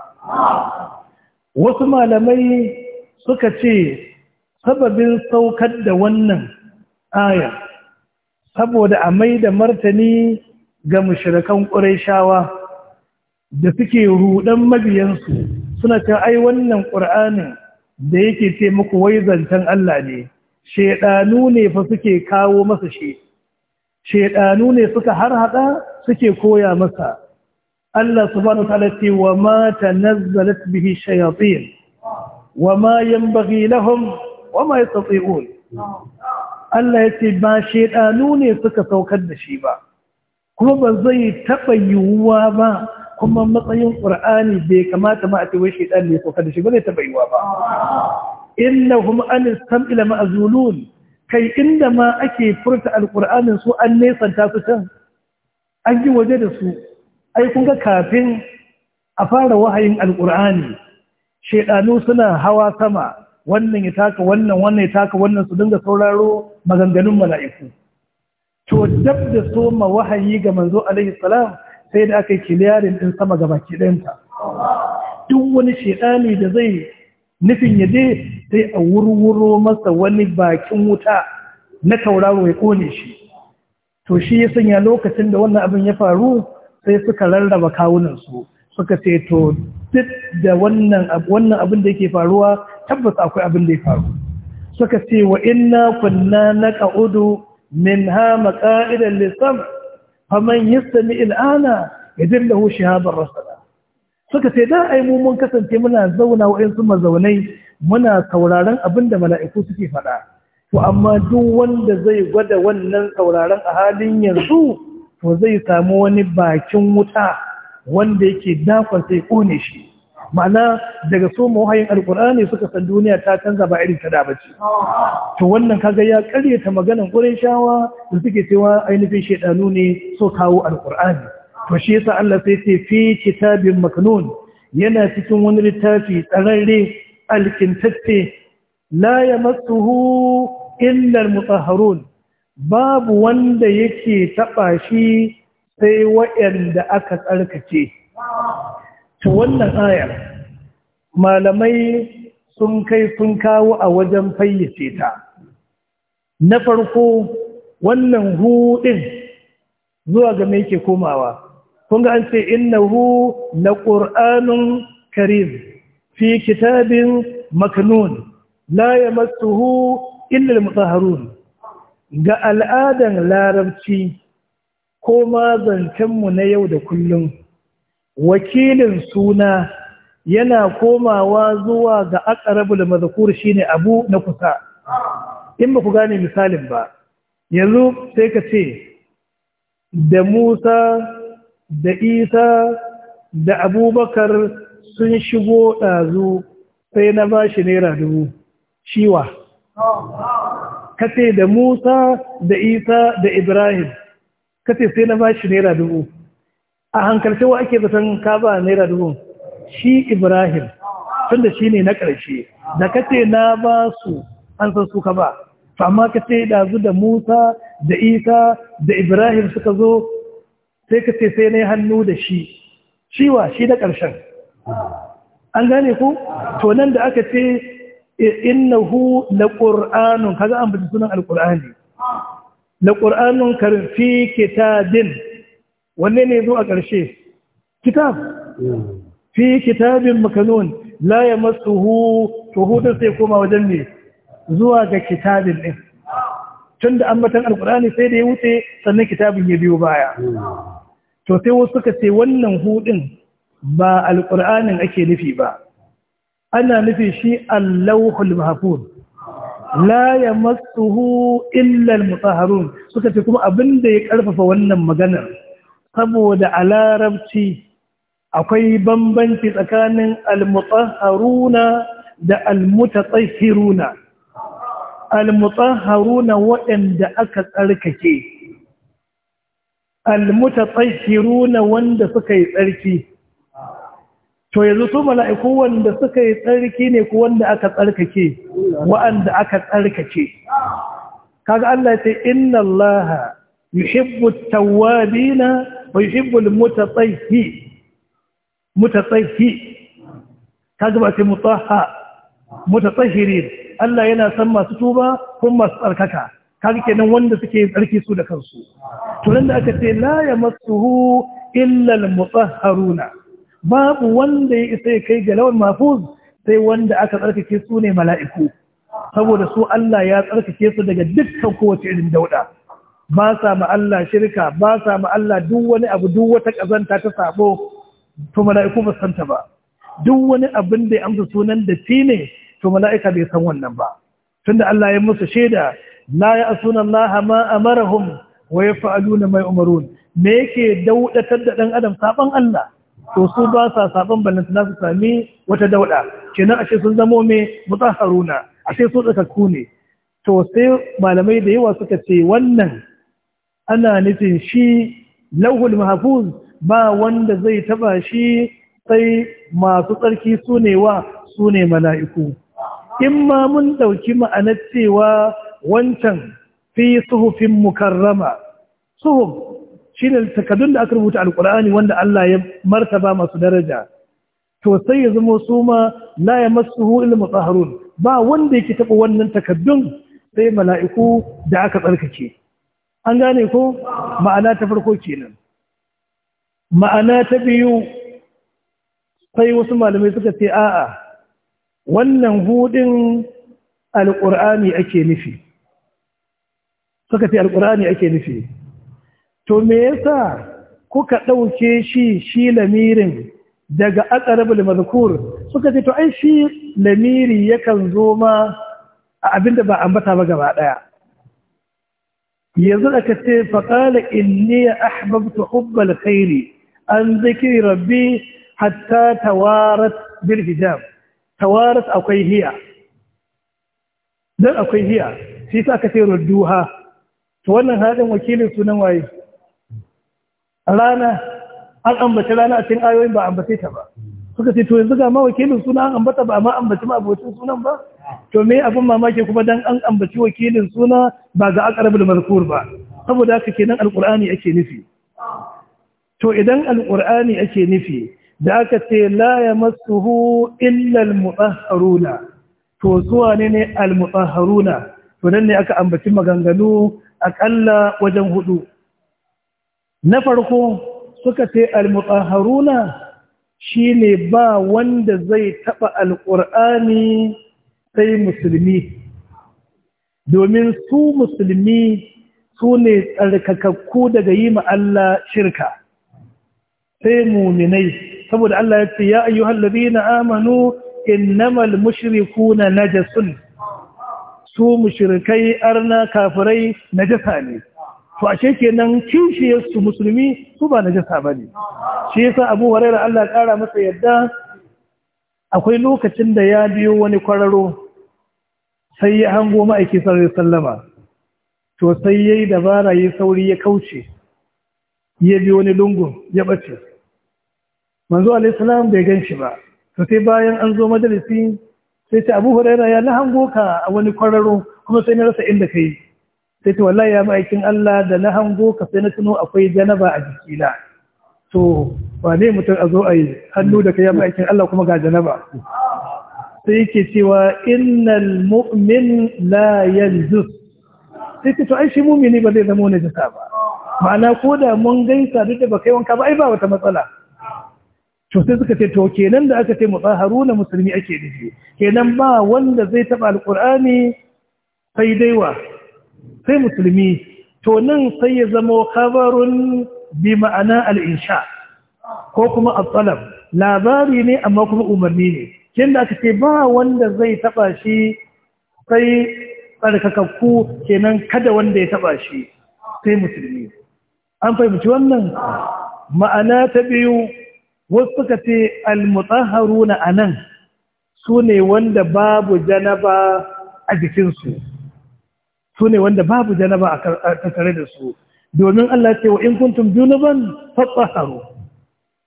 wasu malamai suka ce sababin saukar da wannan ayar saboda a mai da martani ga mashirakan ƙurai shawa da suke rudan mabiyansu suna ta ai wannan ƙur'anin da yake ce muku wai zancen Allah ne shedanu ne fa suke kawo masa shi shedanu ne suka harhaɗa suke koya masa Allah subhanahu wa ta'ala ce wa ma tanazzalat bihi shayatin wa ma yanbaghi lahum wa ma yastati'un Allah ya ce ba shedanu ne suka saukar da shi ba kuma ba zai taɓa yiwuwa ba kuma matsayin ƙur'ani bai kamata ma a ce wai shaytan ne ko kada shi ba zai taba yiwa ba innahum an istamila ma'zulun kai inda ma ake furta alqur'anin su an nesanta su can an yi waje da su ai kun ga kafin a fara wahayin alqur'ani shaydanu suna hawa sama wannan ya taka wannan wannan ya taka wannan su dinga sauraro maganganun mala'iku to dab da soma wahayi ga manzo alaihi salam sai da aka yi kiliyarin ɗin sama ga baki ɗayanta duk wani shaidani da zai nufin ya je sai a wurwuro masa wani bakin wuta na tauraro ya ƙone shi to shi ya sanya lokacin da wannan abin ya faru sai suka rarraba kawunansu suka ce to duk da wannan abin da yake faruwa tabbas akwai abin da ya faru suka ce wa inna kunna na min ha maƙa'idan lissam faman yastami al'ana yajid lahu shihaban rasada suka ce da ai mu mun kasance muna zauna wa'in su mazaunai muna sauraron abinda mala'iku suke faɗa to amma duk wanda zai gwada wannan sauraron a halin yanzu to zai samu wani bakin wuta wanda yake dafa sai kone shi ma'ana daga soma wahayin alkur'ani suka san duniya ta canza ba irin ta da bace to wannan kaga ya karyata maganan shawa da suke cewa ainihin shedanu ne so kawo alkur'ani to shi yasa Allah sai ce fi kitabin maknun yana cikin wani littafi tsararre alkintatte la yamassuhu illa almutahharun babu wanda yake taba shi sai wa'anda aka tsarkake to wannan ayar malamai sun kai sun kawo a wajen fayyace ta na farko wannan hu din zuwa ga me yake komawa kun ga an ce innahu na qur'anun karim fi kitabin maknun la yamassuhu illa al ga al'adan larabci ko ma zancenmu na yau da kullum wakilin suna yana komawa zuwa ga akarabul mazkur shine abu na kusa in ba ku gane misalin ba yanzu sai ka ce da Musa da Isa da Abubakar sun shigo ɗazu sai na ba shi naira dubu shiwa ka ce da Musa da Isa da Ibrahim ka ce sai na ba shi naira dubu a hankalce wa ake zaton kaba ba naira dubu shi ibrahim tunda shi ne na ƙarshe da ka ce na ba su an san suka ba amma ka ce ɗazu da musa da isa da ibrahim suka zo sai ka ce sai na yi hannu da shi shiwa shi na ƙarshen an gane ku to nan da aka ce innahu la qur'anun kaga an ambata sunan alqur'ani na qur'anun karfi kitabin wanne ne zuwa ƙarshe kitab fi kitabin makanon la ya hu to hutun sai koma wajen ne zuwa ga kitabin ɗin tun da ambatan alkurani sai da ya wuce sannan kitabin ya biyo baya to sai wasu suka ce wannan huɗun ba alkur'anin ake nufi ba ana nufi shi allahul mahafun la ya hu illar almutahharun suka ce kuma abinda ya karfafa wannan maganar saboda a larabci akwai bambanci tsakanin almutahharuna da almutatahhiruna almutahharuna waɗanda aka tsarkake almutatahhiruna wanda suka yi tsarki to yanzu su mala'iku wanda suka yi tsarki ne ko wanda aka tsarkake wa'anda aka tsarkake kaga Allah ya ce inna Allah yuhibbu at wa yuhibbul mutatahhi mutatahhi kaga ba sai mutahha mutatahhirin Allah yana san masu tuba kun masu tsarkaka kaga kenan wanda suke tsarki su da kansu to nan da aka ce la yamassuhu illa almutahharuna babu wanda ya isa ya kai ga lawan mafuz sai wanda aka tsarkake su ne mala'iku saboda su Allah ya tsarkake su daga dukkan kowace irin dauda ba sa ma Allah shirka ba sa ma Allah duk wani abu duk wata kazanta ta sabo to mala'iku ba santa ba duk wani abin da ya amsa sunan da ne to mala'ika bai san wannan ba tunda Allah ya musu shaida la asuna Allah ma amarahum wa yaf'aluna ma yu'marun me yake daudatar da dan adam saban Allah to su ba sa saban balanta na su sami wata dauda kenan ashe sun zamo me mutahharuna ashe su tsakakku ne to sai malamai da yawa suka ce wannan ana nufin shi lauhul mahfuz ba wanda zai taba shi sai masu tsarki sune wa sune mala'iku in ma mun ɗauki ma'anar cewa wancan fi suhufin mukarrama suhuf shine takaddun da aka rubuta alqur'ani wanda Allah ya martaba masu daraja to sai ya zama su ma la yamassuhu illa mutahharun ba wanda yake taɓa wannan takaddun sai mala'iku da aka tsarkake an gane ko ma'ana ta farko kenan ma'ana ta biyu sai wasu malamai suka ce a'a wannan hudin alƙur'ani ake nufi suka ce alƙur'ani ake nufi to me yasa kuka ɗauke shi shi lamirin daga aqrabul mazkur suka ce to ai shi lamiri yakan zo ma a abinda ba ambata ba gaba daya yanzu da ka ce faƙala inni ya ahbabtu hubbal khairi an zikiri rabbi hatta tawarat bil hijab tawarat akwai hiya dan akwai hiya shi sa aka ce rudduha to wannan hadin wakilin sunan waye rana an ambaci rana a cikin ayoyin ba ambace ta ba suka ce to yanzu ga ma wakilin sunan an ambata ba amma ambaci ma abocin sunan ba to me abin mamaki kuma dan an ambaci wakilin suna ba ga aqrabul mazkur ba saboda haka kenan alqur'ani ake nufi to idan alqur'ani ake nufi da aka ce la yamassuhu illa almutahharuna to zuwa ne ne almutahharuna to nan ne aka ambaci maganganu akalla wajen hudu na farko suka ce almutahharuna shine ba wanda zai taba alqur'ani sai musulmi domin su musulmi su ne tsarkakakku daga yi ma Allah shirka sai muminai saboda Allah ya ce ya ayyuhal na amanu innamal na najasun su mushrikai arna kafirai jasa ne to ashe kenan kishiyar su musulmi su ba na jasa ba ne? shi yasa Abu Hurairah Allah ya kara masa yadda akwai lokacin da ya biyo wani kwararo sai ya hango ma'aiki sarari sallama to sai ya yi dabara ya sauri ya kauce ya bi wani lungun ya ɓace manzo alaihissalam bai gan shi ba to sai bayan an zo majalisi sai ta abu huraira ya na hango ka a wani kwararo kuma sai na rasa inda ka yi sai ta wallahi ya ma'aikin Allah da na hango ka sai na tuno akwai janaba a jikina to wane mutum a zo a yi hannu da ka ya ma'aikin Allah kuma ga janaba sai yake cewa innal mu'min la yanzus sai ce to ai shi mu'mini ba zai zama wani jasa ba ma'ana ko da mun gaisa duk da bakai wanka ba ai ba wata matsala to sai suka ce to kenan da aka ce mutsaharu na musulmi ake nufi kenan ba wanda zai taba alqur'ani sai wa sai musulmi to nan sai ya zama khabarun bi ma'ana al-insha ko kuma al-talab labari ne amma kuma umarni ne kin da aka ba wanda zai taba shi sai tsarkakakku kenan kada wanda ya taba shi sai musulmi an fahimci wannan ma'ana ta biyu wasu kace ce almutsaharu na anan su ne wanda babu janaba a jikinsu su ne wanda babu janaba a tattare da su domin Allah ce wa in kuntum junuban fatsaharu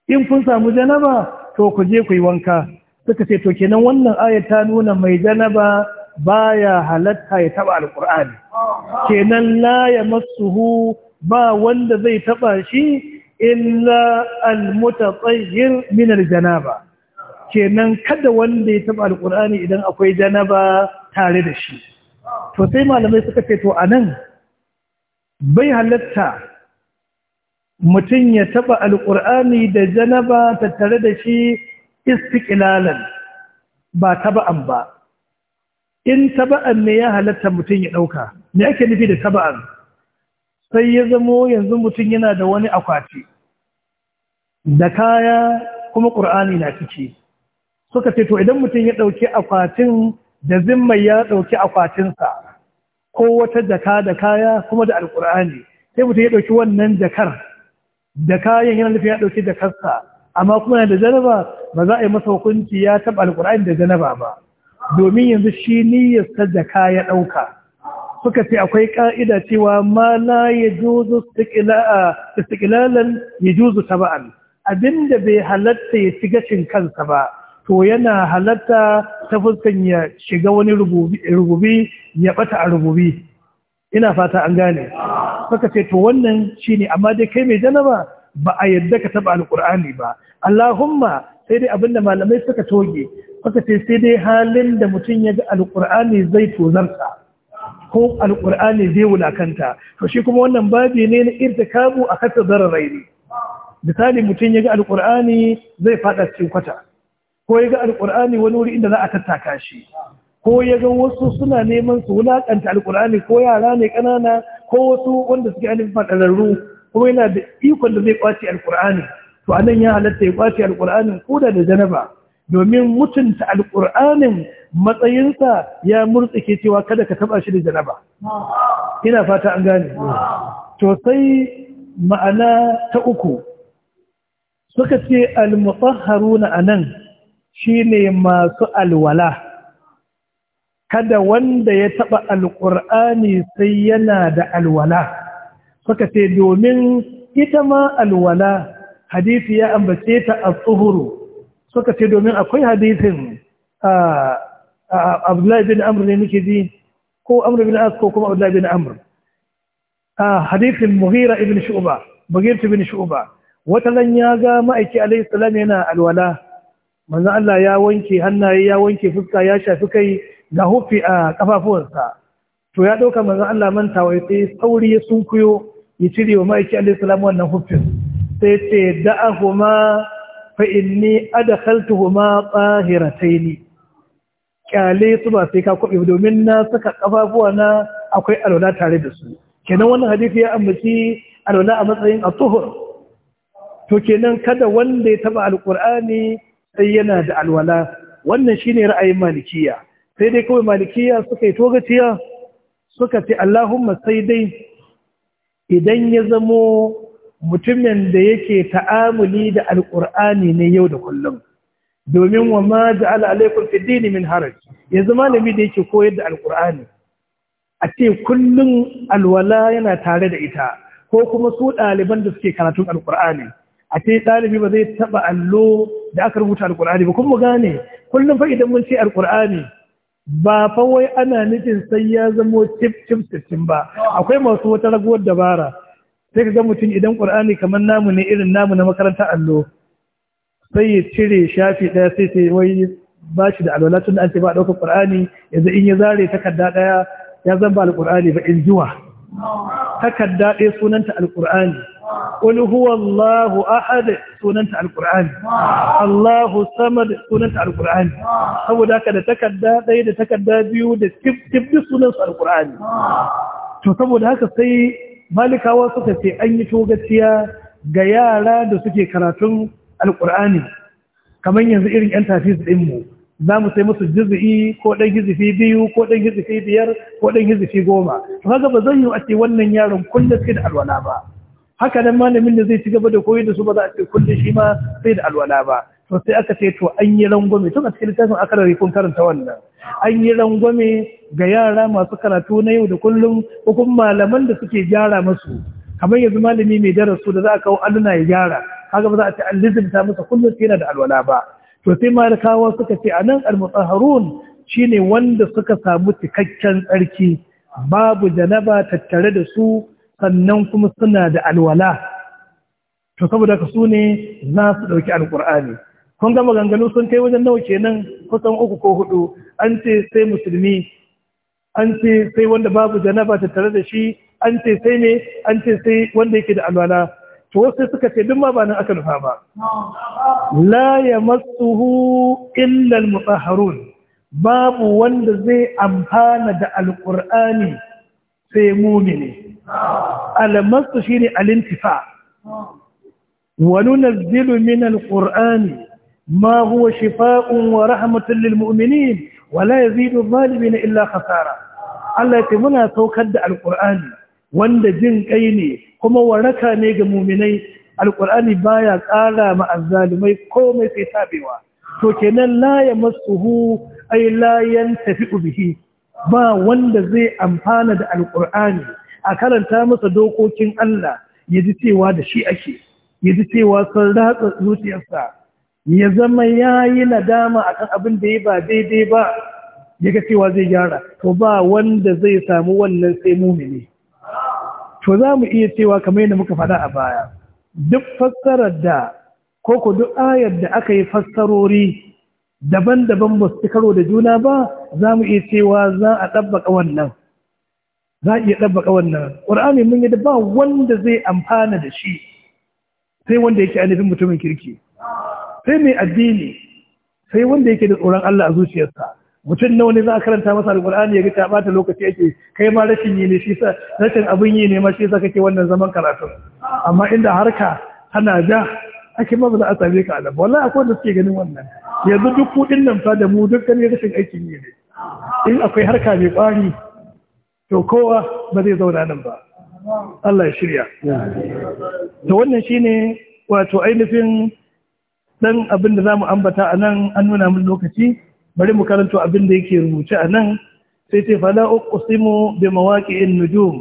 in kun samu janaba to ku je ku yi wanka suka ce to kenan wannan ayat ta nuna mai janaba baya halatta ya taba alqur'ani kenan la yamassuhu ba wanda zai taba shi illa almutatayyir min aljanaba kenan kada wanda ya taba alqur'ani idan akwai janaba tare da shi to sai malamai suka ce to anan bai halatta mutum ya taba alqur'ani da janaba tattare da shi istiqlalan ba taba'an ba in taba'an ne ya halatta mutum ya ɗauka me ake nufi da taba'an sai ya zamo yanzu mutum yana da wani akwati da kaya kuma ƙur'ani na ciki suka ce to idan mutum ya ɗauki akwatin da zimma ya ɗauki akwatinsa ko wata jaka da kaya kuma da alƙur'ani sai mutum ya ɗauki wannan jakar da kayan yana nufin ya ɗauki jakarsa amma kuma yana da janaba ba za a yi masa hukunci ya taɓa alƙur'ani da janaba ba domin yanzu shi niyyar ka ya ɗauka suka ce akwai ƙa'ida cewa ma la ya juzu istiƙilalan ya juzu abinda bai halatta ya ci gashin kansa ba to yana halatta ta fuskan ya shiga wani rububi ya ɓata a rububi ina fata an gane suka ce to wannan ne, amma dai kai mai janaba ba a yadda ka taɓa alƙur'ani ba Allahumma sai dai abin da malamai suka toge suka ce sai dai halin da mutum ya ga alƙur'ani zai tozarsa ko alƙur'ani zai wulakanta to shi kuma wannan babi ne na kamu a kasa zararai ne misali mutum ya ga alƙur'ani zai faɗa cikin kwata ko ya ga alƙur'ani wani wuri inda za a tattaka shi ko ya ga wasu suna neman su wulaƙanta alƙur'ani ko yara ne ƙanana ko wasu wanda suke ainihin faɗararru kuma yana da ikon da zai ƙwace alƙur'ani to anan ya halatta ya kwace alqur'anin koda da janaba domin mutunta alqur'anin matsayinsa ya murtsike cewa kada ka taba shi da janaba ina fata an gane to sai ma'ana ta uku suka ce almutahharuna nan, anan shine masu alwala kada wanda ya taba alqur'ani sai yana da alwala suka ce domin ita ma alwala hadisi ya ambace ta a tsuhuru suka ce domin akwai hadisin abdullahi bin amr ne muke ji ko amr bin as ko kuma abdullahi bin amr hadisin muhira ibn shu'ba bagirtu bin shu'ba wata ran ya ga ma'aiki alaihi salam yana alwala manzo Allah ya wanke hannaye ya wanke fuska ya shafi kai ga hufi a kafafuwansa to ya dauka manzo Allah manta wai sai sauri ya sunkuyo ya cire wa ma'aiki alaihi salam wannan hufin sai ce da'ahuma fa inni adkhaltuhuma tahirataini kyale su ba sai ka kwaɓe domin na saka ƙafafuwa na akwai alwala tare da su kenan wannan hadisi ya ambaci alwala a matsayin at-tuhur to kenan kada wanda ya taba alƙur'ani sai yana da alwala wannan shine ra'ayin malikiya sai dai kawai malikiya suka yi togaciya suka ce Allahumma sai dai idan ya zamo mutumin da yake ta'amuli da alƙur'ani ne yau da kullum domin wa ma ja'ala alaykum fi dini min haraj yanzu malami da yake koyar da alƙur'ani a ce kullum alwala yana tare da ita ko kuma su ɗaliban da suke karatun alƙur'ani a ce ɗalibi ba zai taɓa allo da aka rubuta alƙur'ani ba mu gane kullum fa idan mun ce alƙur'ani ba fa wai ana nufin sai ya zamo cif cif ba akwai masu wata raguwar dabara sai ka ga mutum idan ƙur'ani kamar namu ne irin namu na makaranta allo sai ya cire shafi ɗaya sai sai wai ba shi da alwala tun da an ce ba ɗaukar ƙur'ani yanzu in ya zare takarda ɗaya ya zan ba alƙur'ani ba in jiwa takarda ɗaya sunanta alƙur'ani قل هو الله أحد سننت على القرآن الله الصمد سننت القرآن هو ذاك da takarda ɗaya da takarda biyu da tif sunansu Alƙur'ani, to saboda haka sai malikawa suka ce an yi togaciya ga yara da suke karatun Alƙur'ani. kamar yanzu irin yan tafis ɗinmu za mu sai musu jizi ko ɗan fi biyu ko ɗan fi biyar ko ɗan gizifi goma to haka ba zan yi a wannan yaron kullum sai da alwala ba haka nan malamin da zai ci gaba da koyi da su ba za a ce kullum shi ma sai da alwala ba to sai aka ce to an yi rangwame tun a cikin littafin aka rikon karanta wannan an yi rangwame ga yara masu karatu na yau da kullum ko kuma malaman da suke gyara masu kamar yanzu malami mai darasu da za a kawo aluna ya gyara haka ba za a ci an masa kullum sai yana da alwala ba to sai malakawa suka ce a nan shi shine wanda suka samu cikakken tsarki babu janaba tattare da su sannan kuma suna da alwala to saboda ka su ne za su ɗauki alƙur'ani kun ga maganganu sun kai wajen nawa kenan kusan uku ko hudu an ce sai musulmi an ce sai wanda babu janaba ta tare da shi an ce sai ne an ce sai wanda yake da alwala to wasu suka ce duk ma ba nan aka nufa ba la yamassuhu illa almutahharun babu wanda zai amfana da alqur'ani sai mumini almasu shine alintifa wa nunazzilu min alqur'ani ما هو شفاء ورحمة للمؤمنين ولا يزيد الظالمين إلا خسارة الله يتمنى توكد القرآن واند جن قيني كما وركا نيجا مؤمنين القرآن بايا قال مع الظالمين قوم في تابوا توكنا لا يمسه أي لا ينتفئ به ما واند زي amfana da alƙur'ani a karanta masa dokokin Allah ya ji cewa da shi ake ya ji ya zama ya yi nadama akan abin da ya ba daidai ba ya ga cewa zai gyara to ba wanda zai samu wannan sai mumini to za mu iya cewa kamar yadda muka faɗa a baya duk fassarar da ko ku duk ayar da aka yi fassarori daban-daban ba su karo da juna ba za mu iya cewa za a ɗabbaƙa wannan za a iya ɗabbaƙa wannan ƙur'ani mun yi da ba wanda zai amfana da shi sai wanda yake ainihin mutumin kirki sai mai addini sai wanda yake da tsoron Allah a zuciyarsa mutum nawa ne za a karanta masa alƙur'ani ya ga ta bata lokaci yake kai ma rashin yi ne shi sa rashin abin yi ne ma shi sa kake wannan zaman karatu amma inda harka tana ja ake ma ba za a same ka alaba wallahi akwai wanda suke ganin wannan yanzu duk kuɗin nan fa da mu duk ganin rashin aikin yi ne in akwai harka mai ƙwari to kowa ba zai zauna nan ba Allah ya shirya. To wannan shine wato ainihin dan abin da za mu ambata a nan an nuna min lokaci bari mu karanto abin da yake rubuce a nan, sai ce fala uqsimu bi mawaqi'in nujum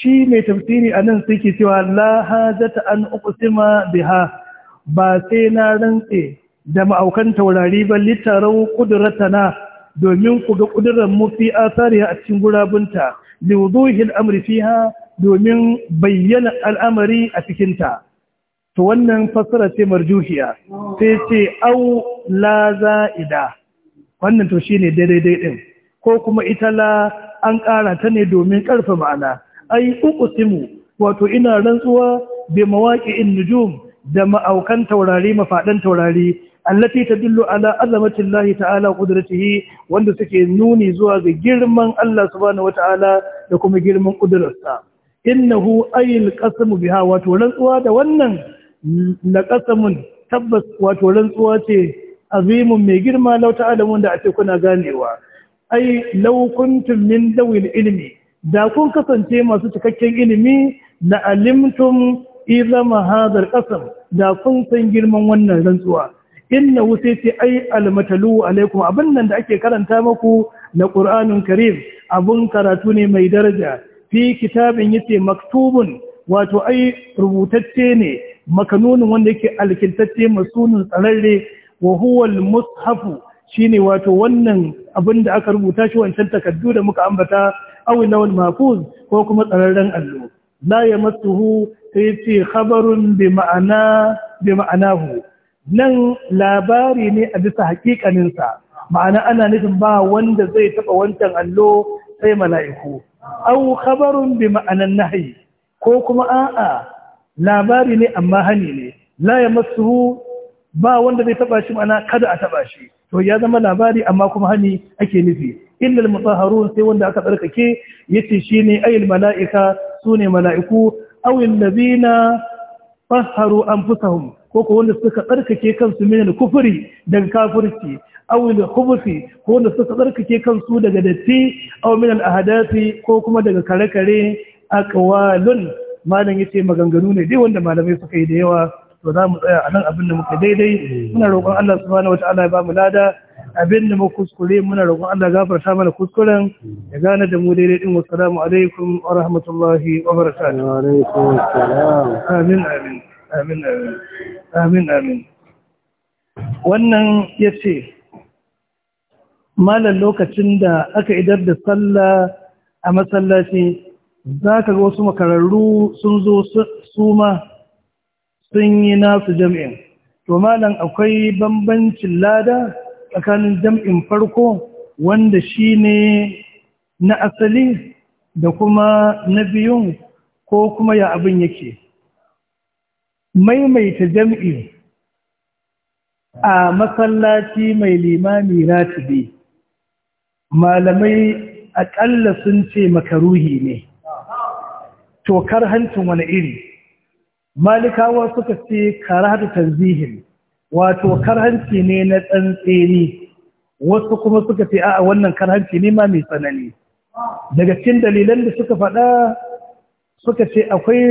shi mai tafsiri nan sai ke cewa la hajata an uqsima biha ba sai na rantse da ma'aukan taurari ba litarau qudratana domin ku ga kudurar mu fi asari a cikin gurabunta liwuduhil amri fiha domin bayyana al'amari a cikinta to wannan fassara ce marjuhiya sai ce au la za'ida wannan to shine daidai din ko kuma ita la an ƙara ta ne domin ƙarfa ma'ana ai uqsimu wato ina rantsuwa bi mawaqi'in nujum da ma'aukan taurari mafadan taurari allati tadullu ala azamati Allah ta'ala qudratihi wanda suke nuni zuwa ga girman Allah subhanahu wata'ala da kuma girman kudurarsa innahu ayil qasmu biha wato rantsuwa da wannan na kasamun tabbas wato rantsuwa ce azimun mai girma lau alamun da ake kuna ganewa ai lau kuntum min dawil ilmi da kun kasance masu cikakken ilimi na alimtum izama hadar kasam da kun san girman wannan rantsuwa inna wuce ce ai almatalu alaikum abin nan da ake karanta maku na qur'anun karim abun karatu ne mai daraja fi kitabin yace maktubun wato ai rubutacce ne makanunin wanda yake alkintacce masunin tsararre wa huwal mushafu shine wato wannan abin da aka rubuta shi wancan takaddu da muka ambata aw wani mahfuz ko kuma tsararren allo Na la ta yi ce khabarun bi ma'ana bi ma'anahu nan labari ne a bisa hakikanin ma'ana ana nufin ba wanda zai taba wancan allo sai mala'iku aw khabarun bi ma'anan nahyi ko kuma a'a labari ne amma hani ne la ya masu ba wanda zai taba shi mana kada a taba shi to ya zama labari amma kuma hani ake nufi illal mutahharun sai wanda aka tsarkake yace shine ayil malaika sune malaiku aw allazina tahharu anfusahum ko ko wanda suka tsarkake kansu min kufuri daga kafirci aw al khubuthi ko wanda suka tsarkake kansu daga datti aw min al ahadathi ko kuma daga kare-kare aqwalun malam yace maganganu ne dai wanda malamai suka yi da yawa to za mu tsaya a nan abin da muka daidai muna roƙon Allah subhanahu wataala ya ba mu lada abin da muka kuskure muna roƙon Allah gafarta mana kuskuren ya gane da mu daidai din wassalamu alaikum wa rahmatullahi wa barakatuh wa alaikum assalam amin amin amin amin amin amin wannan yace malam lokacin da aka idar da sallah a masallaci za ka ga wasu makararru sun zo su ma sun yi nasu jam'in to malam akwai bambancin lada tsakanin jam'in farko wanda shi ne na asali da kuma na biyun ko kuma ya abin yake maimaita jam'i a masallaci mai limami ratibi malamai aƙalla sun ce makaruhi ne tokar hancin wani iri malikawa suka ce karatu tanzihin wato karhanci ne na tsantseni wasu kuma suka ce a'a wannan karhanci ne ma mai tsanani daga cikin dalilan da suka faɗa suka ce akwai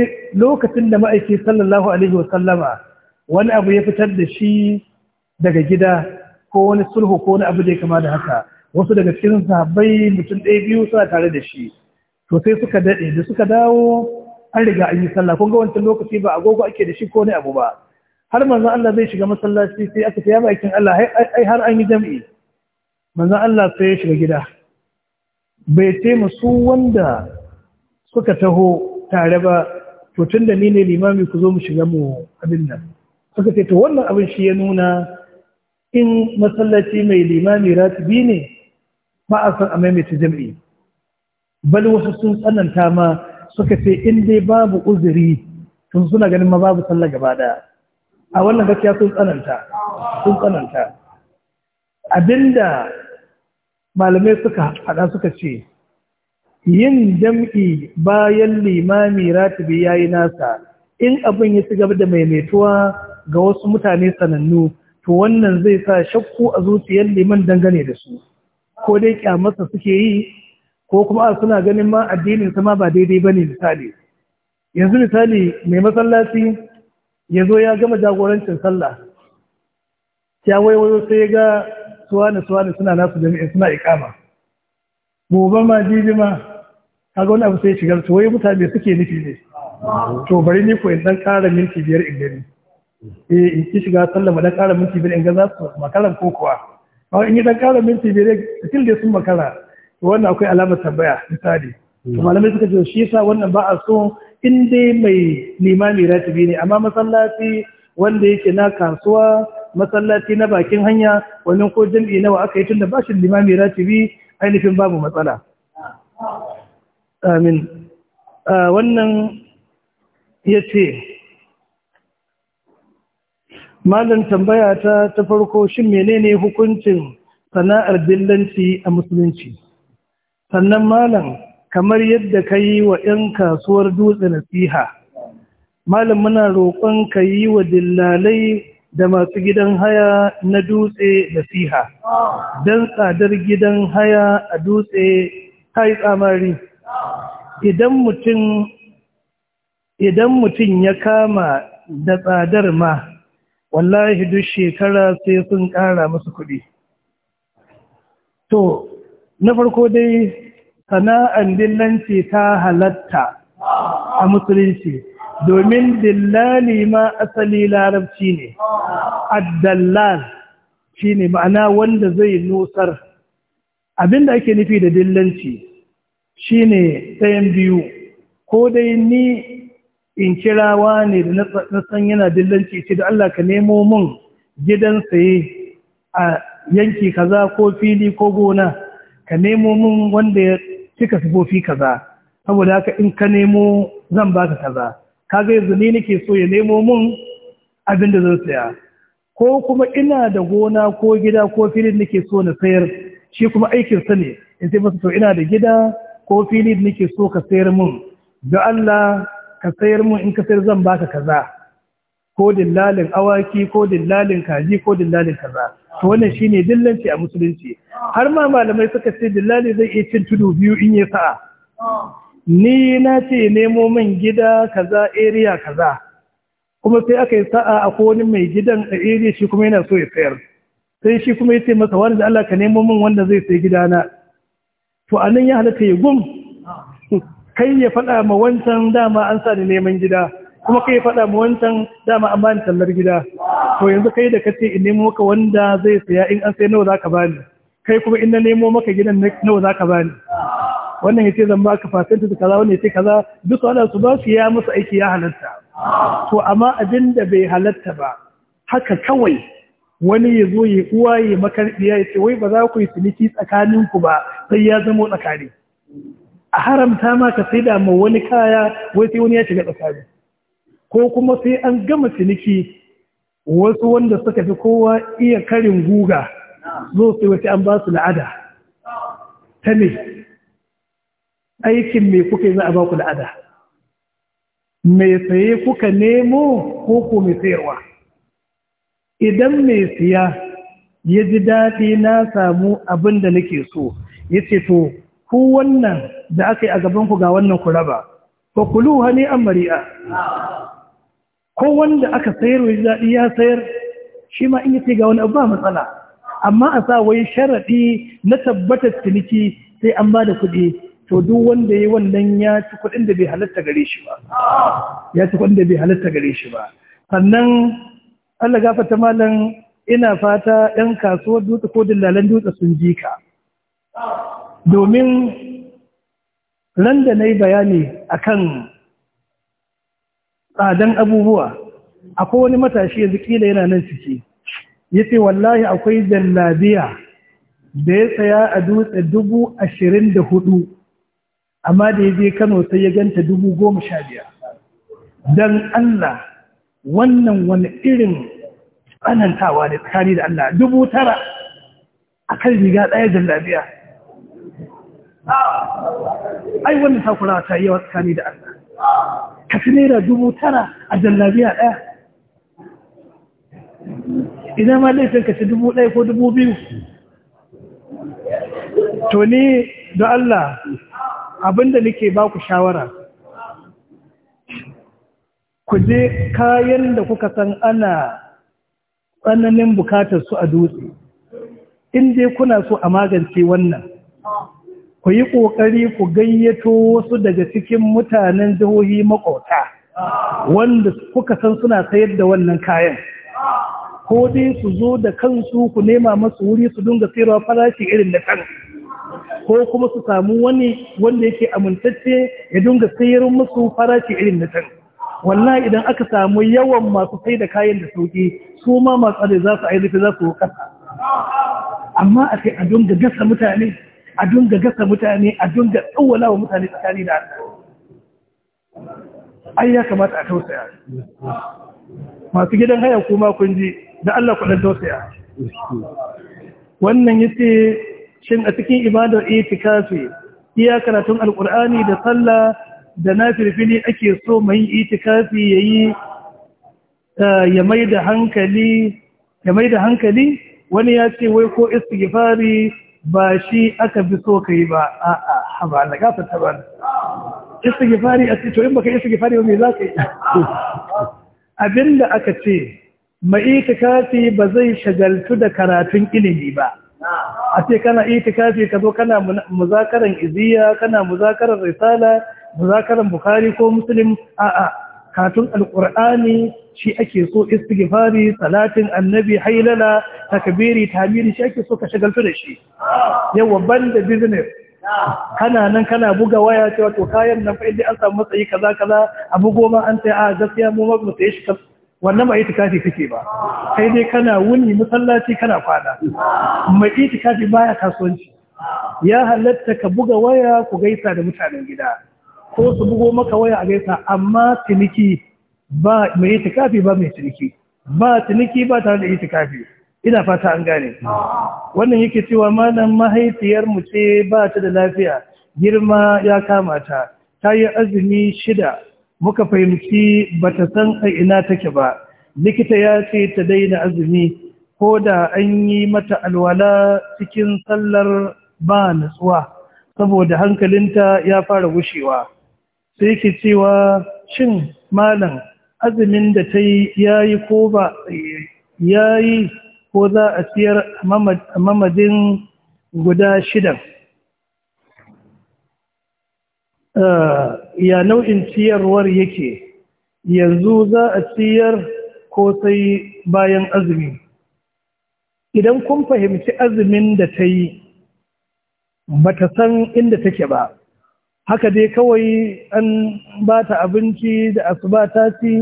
lokacin da ma'aiki sallallahu alaihi wa sallama wani abu ya fitar da shi daga gida ko wani sulhu ko wani abu da ya kama da haka wasu daga cikin sahabbai mutum ɗaya biyu suna tare da shi to sai suka daɗe da suka dawo an riga an yi sallah kun ga wancan lokaci ba agogo ake da shi ko ne abu ba har manzo Allah zai shiga masallaci sai aka ya bakin Allah ai har an yi jami'i manzo Allah sai ya shiga gida bai ce su wanda suka taho tare ba to tunda ni ne limami ku zo mu shiga mu abin nan suka ce to wannan abin shi ya nuna in masallaci mai limami ratibi ne ba a san a maimaita jami'i bal wasu sun tsananta ma suka ce in dai babu uzuri tun suna ganin ma babu sallah gaba daya a wannan gaskiya sun tsananta sun tsananta abinda malamai suka hada suka ce yin jam'i bayan limami ratibi yayi nasa in abin ya ci gaba da maimaituwa ga wasu mutane sanannu to wannan zai sa shakku a zuciyar liman dangane da su ko dai kyamarsa suke yi ko kuma suna ganin ma addinin sama ba daidai ba ne misali yanzu misali mai masallaci ya zo ya gama jagorancin sallah ya waiwayo sai ya ga suwa suwa suwane suna nasu jami'in suna ikama gobe ma jibi ma kaga wani abu sai shigar su wai mutane suke nufi ne to bari ni ko in dan kara minti biyar in gani eh in ki shiga sallama dan kara minti biyar in ga za su makaran ko kuwa in yi dan kara minti biyar still dai sun makara wannan akwai alamar tambaya misali hmm. malamai suka ce shi yasa wannan ba a so in dai mai limami ratibi ne amma masallaci wanda yake na kasuwa masallaci na bakin hanya wannan ko jami'i nawa aka yi tunda bashin limami ratibi ainihin babu matsala amin wannan ya ce malam tambaya ta ta farko shin menene hukuncin sana'ar dillanci a musulunci sannan malam kamar yadda ka yi wa 'yan kasuwar dutse nasiha malam muna roƙon ka yi wa dillalai da masu gidan haya na dutse nasiha don tsadar gidan haya a dutse ta yi tsamari idan mutum ya kama da tsadar ma wallahi duk shekara sai sun ƙara masu kuɗi to na farko dai sana'an dillanci ta halatta a musulunci domin dillali ma asali larabci ne addallal shi ne ma'ana wanda zai nusar abinda ake nufi da dillanci shi ne tsayen biyu ko dai ni in kirawa ne da na yana dillanci ce da Allah ka nemo mun gidan saye a yanki kaza ko fili ko gona ka nemo mun wanda ya cika sifofi kaza saboda haka in ka nemo zan baka kaza Ka yanzu ni nake so ya nemo mun abin da zan saya ko kuma ina da gona ko gida ko filin nake so na sayar shi kuma aikin sa ne in sai masa to ina da gida ko filin nake so ka sayar mun Do Allah ka sayar mun in ka sayar zan baka kaza ko dillalin awaki ko dillalin kaji ko dillalin kaza to wannan shine dillanci a musulunci har ma malamai suka ce dillali zai iya cin tudu biyu in ya sa'a ni na ce nemo min gida kaza area kaza kuma sai aka yi sa'a a wani mai gidan a area shi kuma yana so ya sayar sai shi kuma ya ce masa wani da Allah ka nemo min wanda zai sai gidana to anan ya halatta ya gum ah. kai ya faɗa ma wancan dama an sa ni neman gida kuma kai faɗa mu wancan dama an bani tallar gida to yanzu kai da kace in nemo maka wanda zai saya in an sai nawa zaka bani kai kuma in na nemo maka gidan nawa zaka bani wannan yace zan baka fasanta da kaza wannan yace kaza duk wannan su ba su ya musu aiki ya halatta to amma abin da bai halatta ba haka kawai wani ya zo ya uwa ya makarbiya ya ce wai ba za ku yi ciniki ku ba sai ya zama tsakani a haramta maka ka sai da ma wani kaya wai sai wani ya shiga tsakani ko kuma sai an gama ciniki wasu wanda suka fi kowa iya karin guga zo sai wace an ba su la'ada ta ne aikin mai kuka yi za a ba ku la'ada mai saye kuka nemo ko ko mai sayarwa idan mai siya ya ji daɗi na samu abin da nake so ya ce to ku wannan da aka yi a gabanku ga wannan ku raba ba kulu hani an mari'a ko wanda aka sayar wai daɗi ya sayar shi ma in yace ga wani abu ba matsala amma a sa wai sharaɗi na tabbatar ciniki sai an ba da kuɗi to duk wanda ya wannan ya ci kuɗin da bai halatta gare shi ba ya ci kuɗin da bai halatta gare shi ba sannan Allah gafarta malam ina fata ɗan kasuwar dutse ko dillalan dutse sun ji ka domin ran da na yi bayani akan tsadan abubuwa akwai wani matashi yanzu kila yana nan ciki ya ce wallahi akwai jallabiya da ya saya a dutse dubu ashirin da hudu amma da ya je kano sai ya ganta dubu goma sha biyar don allah wannan wani irin tsanantawa da tsakani da allah dubu tara a kan riga ɗaya jallabiya ai wannan takura ta yi yawa tsakani da allah ka naira dubu tara a jallabiya ɗaya idan ma laifin ka ci dubu ɗaya ko dubu biyu to ni da Allah abinda nake ba ku shawara ku je kayan da kuka san ana tsananin bukatar su a dutse in dai kuna so a magance wannan ku yi ƙoƙari ku gayyato wasu daga cikin mutanen jihohi makota wanda kuka san suna sayar da wannan kayan ko dai su zo da kansu ku nema masu wuri su dinga sayarwa farashi irin da kan ko kuma su samu wani wanda yake amintacce ya dinga sayar musu farashi irin da kan wallahi idan aka samu yawan masu sai da kayan da sauki su ma masu za su ainihi za su kasa amma a sai a dinga gasa mutane a dunga gasa mutane a dunga tsawala wa mutane tsakani da Allah ai ya kamata a tausaya masu gidan haya kuma kun ji da Allah ku dan tausaya wannan yace shin a cikin ibadar itikafi iya karatun Alkur'ani da sallah da na nafilfili ake so mai itikafi yayi ya mai hankali ya mai da hankali wani ya ce wai ko istighfari ba shi aka fi so ka yi ba a'a haba na gafa ta isa gifari a cikin in baka gifari ba me za ka yi [LAUGHS] abinda aka ce mai kafi ba zai shagaltu da karatun ilimi ba a ce kana kafi ka zo kana muzakaran iziya kana muzakaran risala muzakaran bukari ko a a'a katun Alkur'ani. shi ake so istighfari salatin annabi hailala takbiri tamiri shi ake so ka shagaltu da shi yawa banda business kana nan kana buga waya cewa to kayan nan fa idan an samu matsayi kaza kaza abu goma an sai a gaskiya mu ma mu sai shi wannan ba itikafi kake ba kai dai kana wuni masallaci kana fada mai itikafi baya kasuwanci ya halatta ka buga waya ku gaisa da mutanen gida ko su bugo maka waya a gaisa amma ciniki ba mai itikafi ba mai ciniki ba ciniki ba tare da itikafi ina fata an gane wannan yake cewa malam mahaifiyar mu ce ba ta da lafiya girma ya kama ta ta yi azumi shida muka fahimci ba ta san a ina take ba likita ya ce ta daina azumi ko da an yi mata alwala cikin sallar ba natsuwa saboda hankalinta ya fara gushewa sai ke cewa shin malam azumin da ta yi ya yi ko ba ya yi ko za a siyar mamadin guda shidan ah, ya nau'in ciyarwar yake yanzu za a siyar ko sai bayan azumi idan kun fahimci azumin da ta yi ba ta san inda take ba haka dai kawai an ba ta abinci da asuba ta ci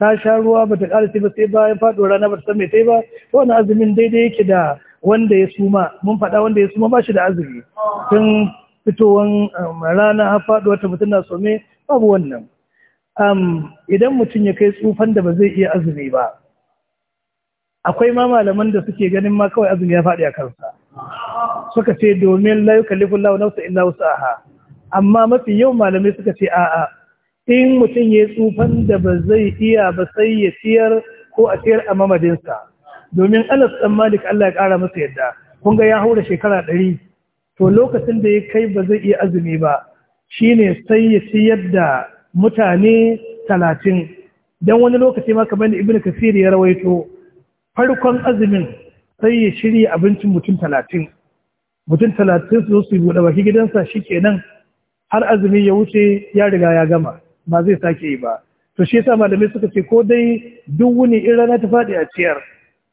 ta sha ruwa ba ta ƙara ci ba sai bayan faɗo rana ba ta san mai sai ba wannan azumin daidai yake da wanda ya suma mun faɗa wanda ya suma ba shi da azumi tun fitowan um, rana ha faɗo wata mutum na some babu wannan um, idan mutum ya kai tsufan da ba zai iya azumi ba akwai ma malaman da suke ganin ma kawai azumi ya faɗi a kansa suka ce domin la yukallifu Allahu nafsan illa wus'aha amma mafi yawan malamai suka ce a'a in mutum ya tsufan da ba zai iya ba sai ya siyar ko a siyar a mamadinsa domin anas dan malik Allah ya kara masa yadda kun ga ya haura shekara ɗari to lokacin da ya kai ba zai iya azumi ba shine sai ya siyar da mutane talatin don wani lokaci ma kamar da ibn kasir ya rawaito farkon azumin sai ya shirya abincin mutum talatin mutum talatin su zo su buɗe baki gidansa shi kenan har azumi ya wuce ya riga ya gama ba zai sake yi ba to shi yasa malamai suka ce ko dai duk wuni in rana ta faɗi a ciyar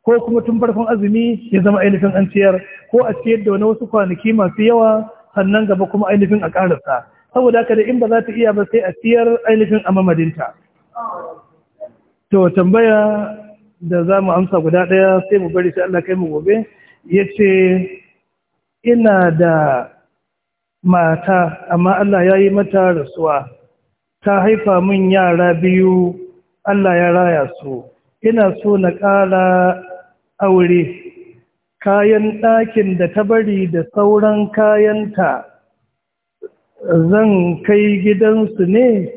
ko kuma tun farkon azumi ya zama ainihin an ciyar ko a ciyar da wani wasu kwanaki masu yawa sannan gaba kuma ainihin a karasa saboda haka da in ba za ta iya ba sai a ciyar ainihin a mamadinta to tambaya da za mu amsa guda ɗaya sai mu bari sai Allah kai mu gobe ya ce ina da mata amma Allah ya yi mata rasuwa ta haifa min yara biyu Allah ya raya su ina so na ƙara aure kayan ɗakin da ta bari da sauran kayanta zan kai gidansu ne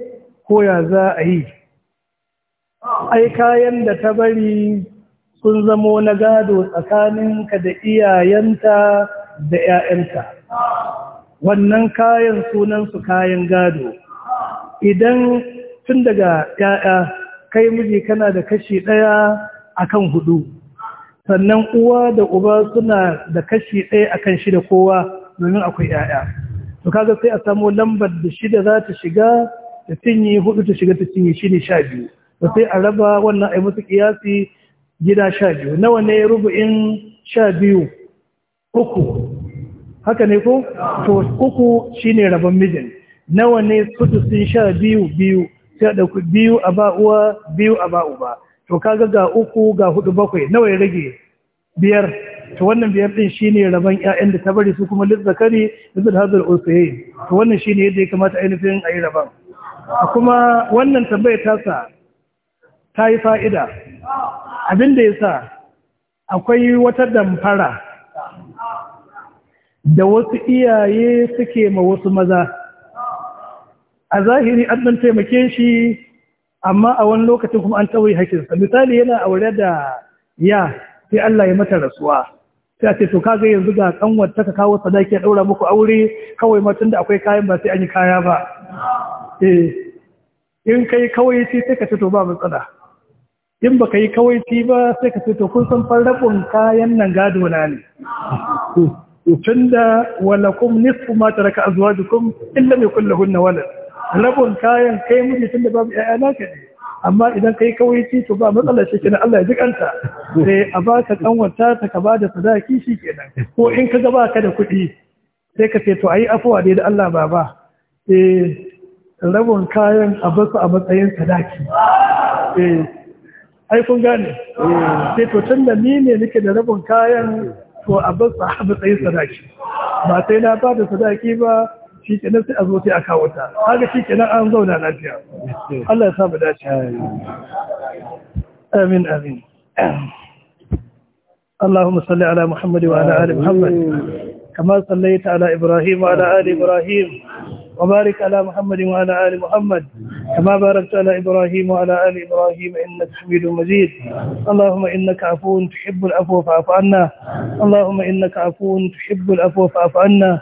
ko ya za a yi ai kayan da ta bari sun zamo na gado tsakaninka da iyayenta da 'ya'yanta wannan kayan sunansu kayan gado idan tun daga ‘ya'ya kai miji kana da kashi ɗaya akan hudu sannan uwa da uba suna da kashi ɗaya akan shida kowa domin akwai ‘ya'ya to kaga sai a samu lambar da shida za ta shiga ta cinye hudu ta shiga ta cinye shi ne sha biyu to sai a raba wannan ai musu kiyasi gida sha biyu nawa ne rubu'in sha biyu uku haka ne ko to uku shine rabon mijin nawa ne sun sha biyu biyu sai da biyu a ba biyu a ba to kaga ga uku ga hudu bakwai nawa ya rage biyar to wannan biyar din shine rabon ƴaƴan da ta bari su kuma lizzakari lizzal hazal usayn to wannan shine yadda ya kamata ainihin yi rabon kuma wannan tambayar tasa ta yi fa'ida abinda ya sa akwai wata damfara da wasu iyaye suke ma wasu maza a zahiri an ɗan taimake shi amma a wani lokacin kuma an tsawai hakinsa misali yana aure da ya sai Allah ya mata rasuwa sai a ce to kaga yanzu ga kanwar ta kawo sadaki ya ɗaura muku aure kawai ma tunda akwai kayan ba sai an yi kaya ba eh in kai kawai sai sai ka ce to ba matsala in baka yi kawai ba sai ka ce to kun san farrafin kayan nan gado na ne tunda wala walakum nisfu ma taraka azwajukum illa mai kullahunna walad rabon kayan kai miji tunda babu ƴaƴa naka ne amma idan kai kawai ci to ba matsala shi ne Allah ya ji kanta sai a baka kanwata ta ka bada sadaki shikenan. ko in ka ga baka da kuɗi sai ka ce to ayi afuwa dai da Allah baba eh rabon kayan a basu a matsayin sadaki eh ai kun gane sai to tunda ni ne nake da rabon kayan to a bar sa a sadaki ba sai na ba da sadaki ba shi kenan sai a zo sai a kawo ta haka shi nan an zauna lafiya Allah ya sa dace amin amin اللهم صل على محمد وعلى ال محمد كما صليت على ابراهيم وعلى ال ابراهيم وبارك على محمد وعلى آل محمد كما باركت على إبراهيم وعلى آل إبراهيم إنك حميد مجيد اللهم إنك عفو تحب العفو فاعف عنا اللهم إنك عفو تحب العفو فاعف عنا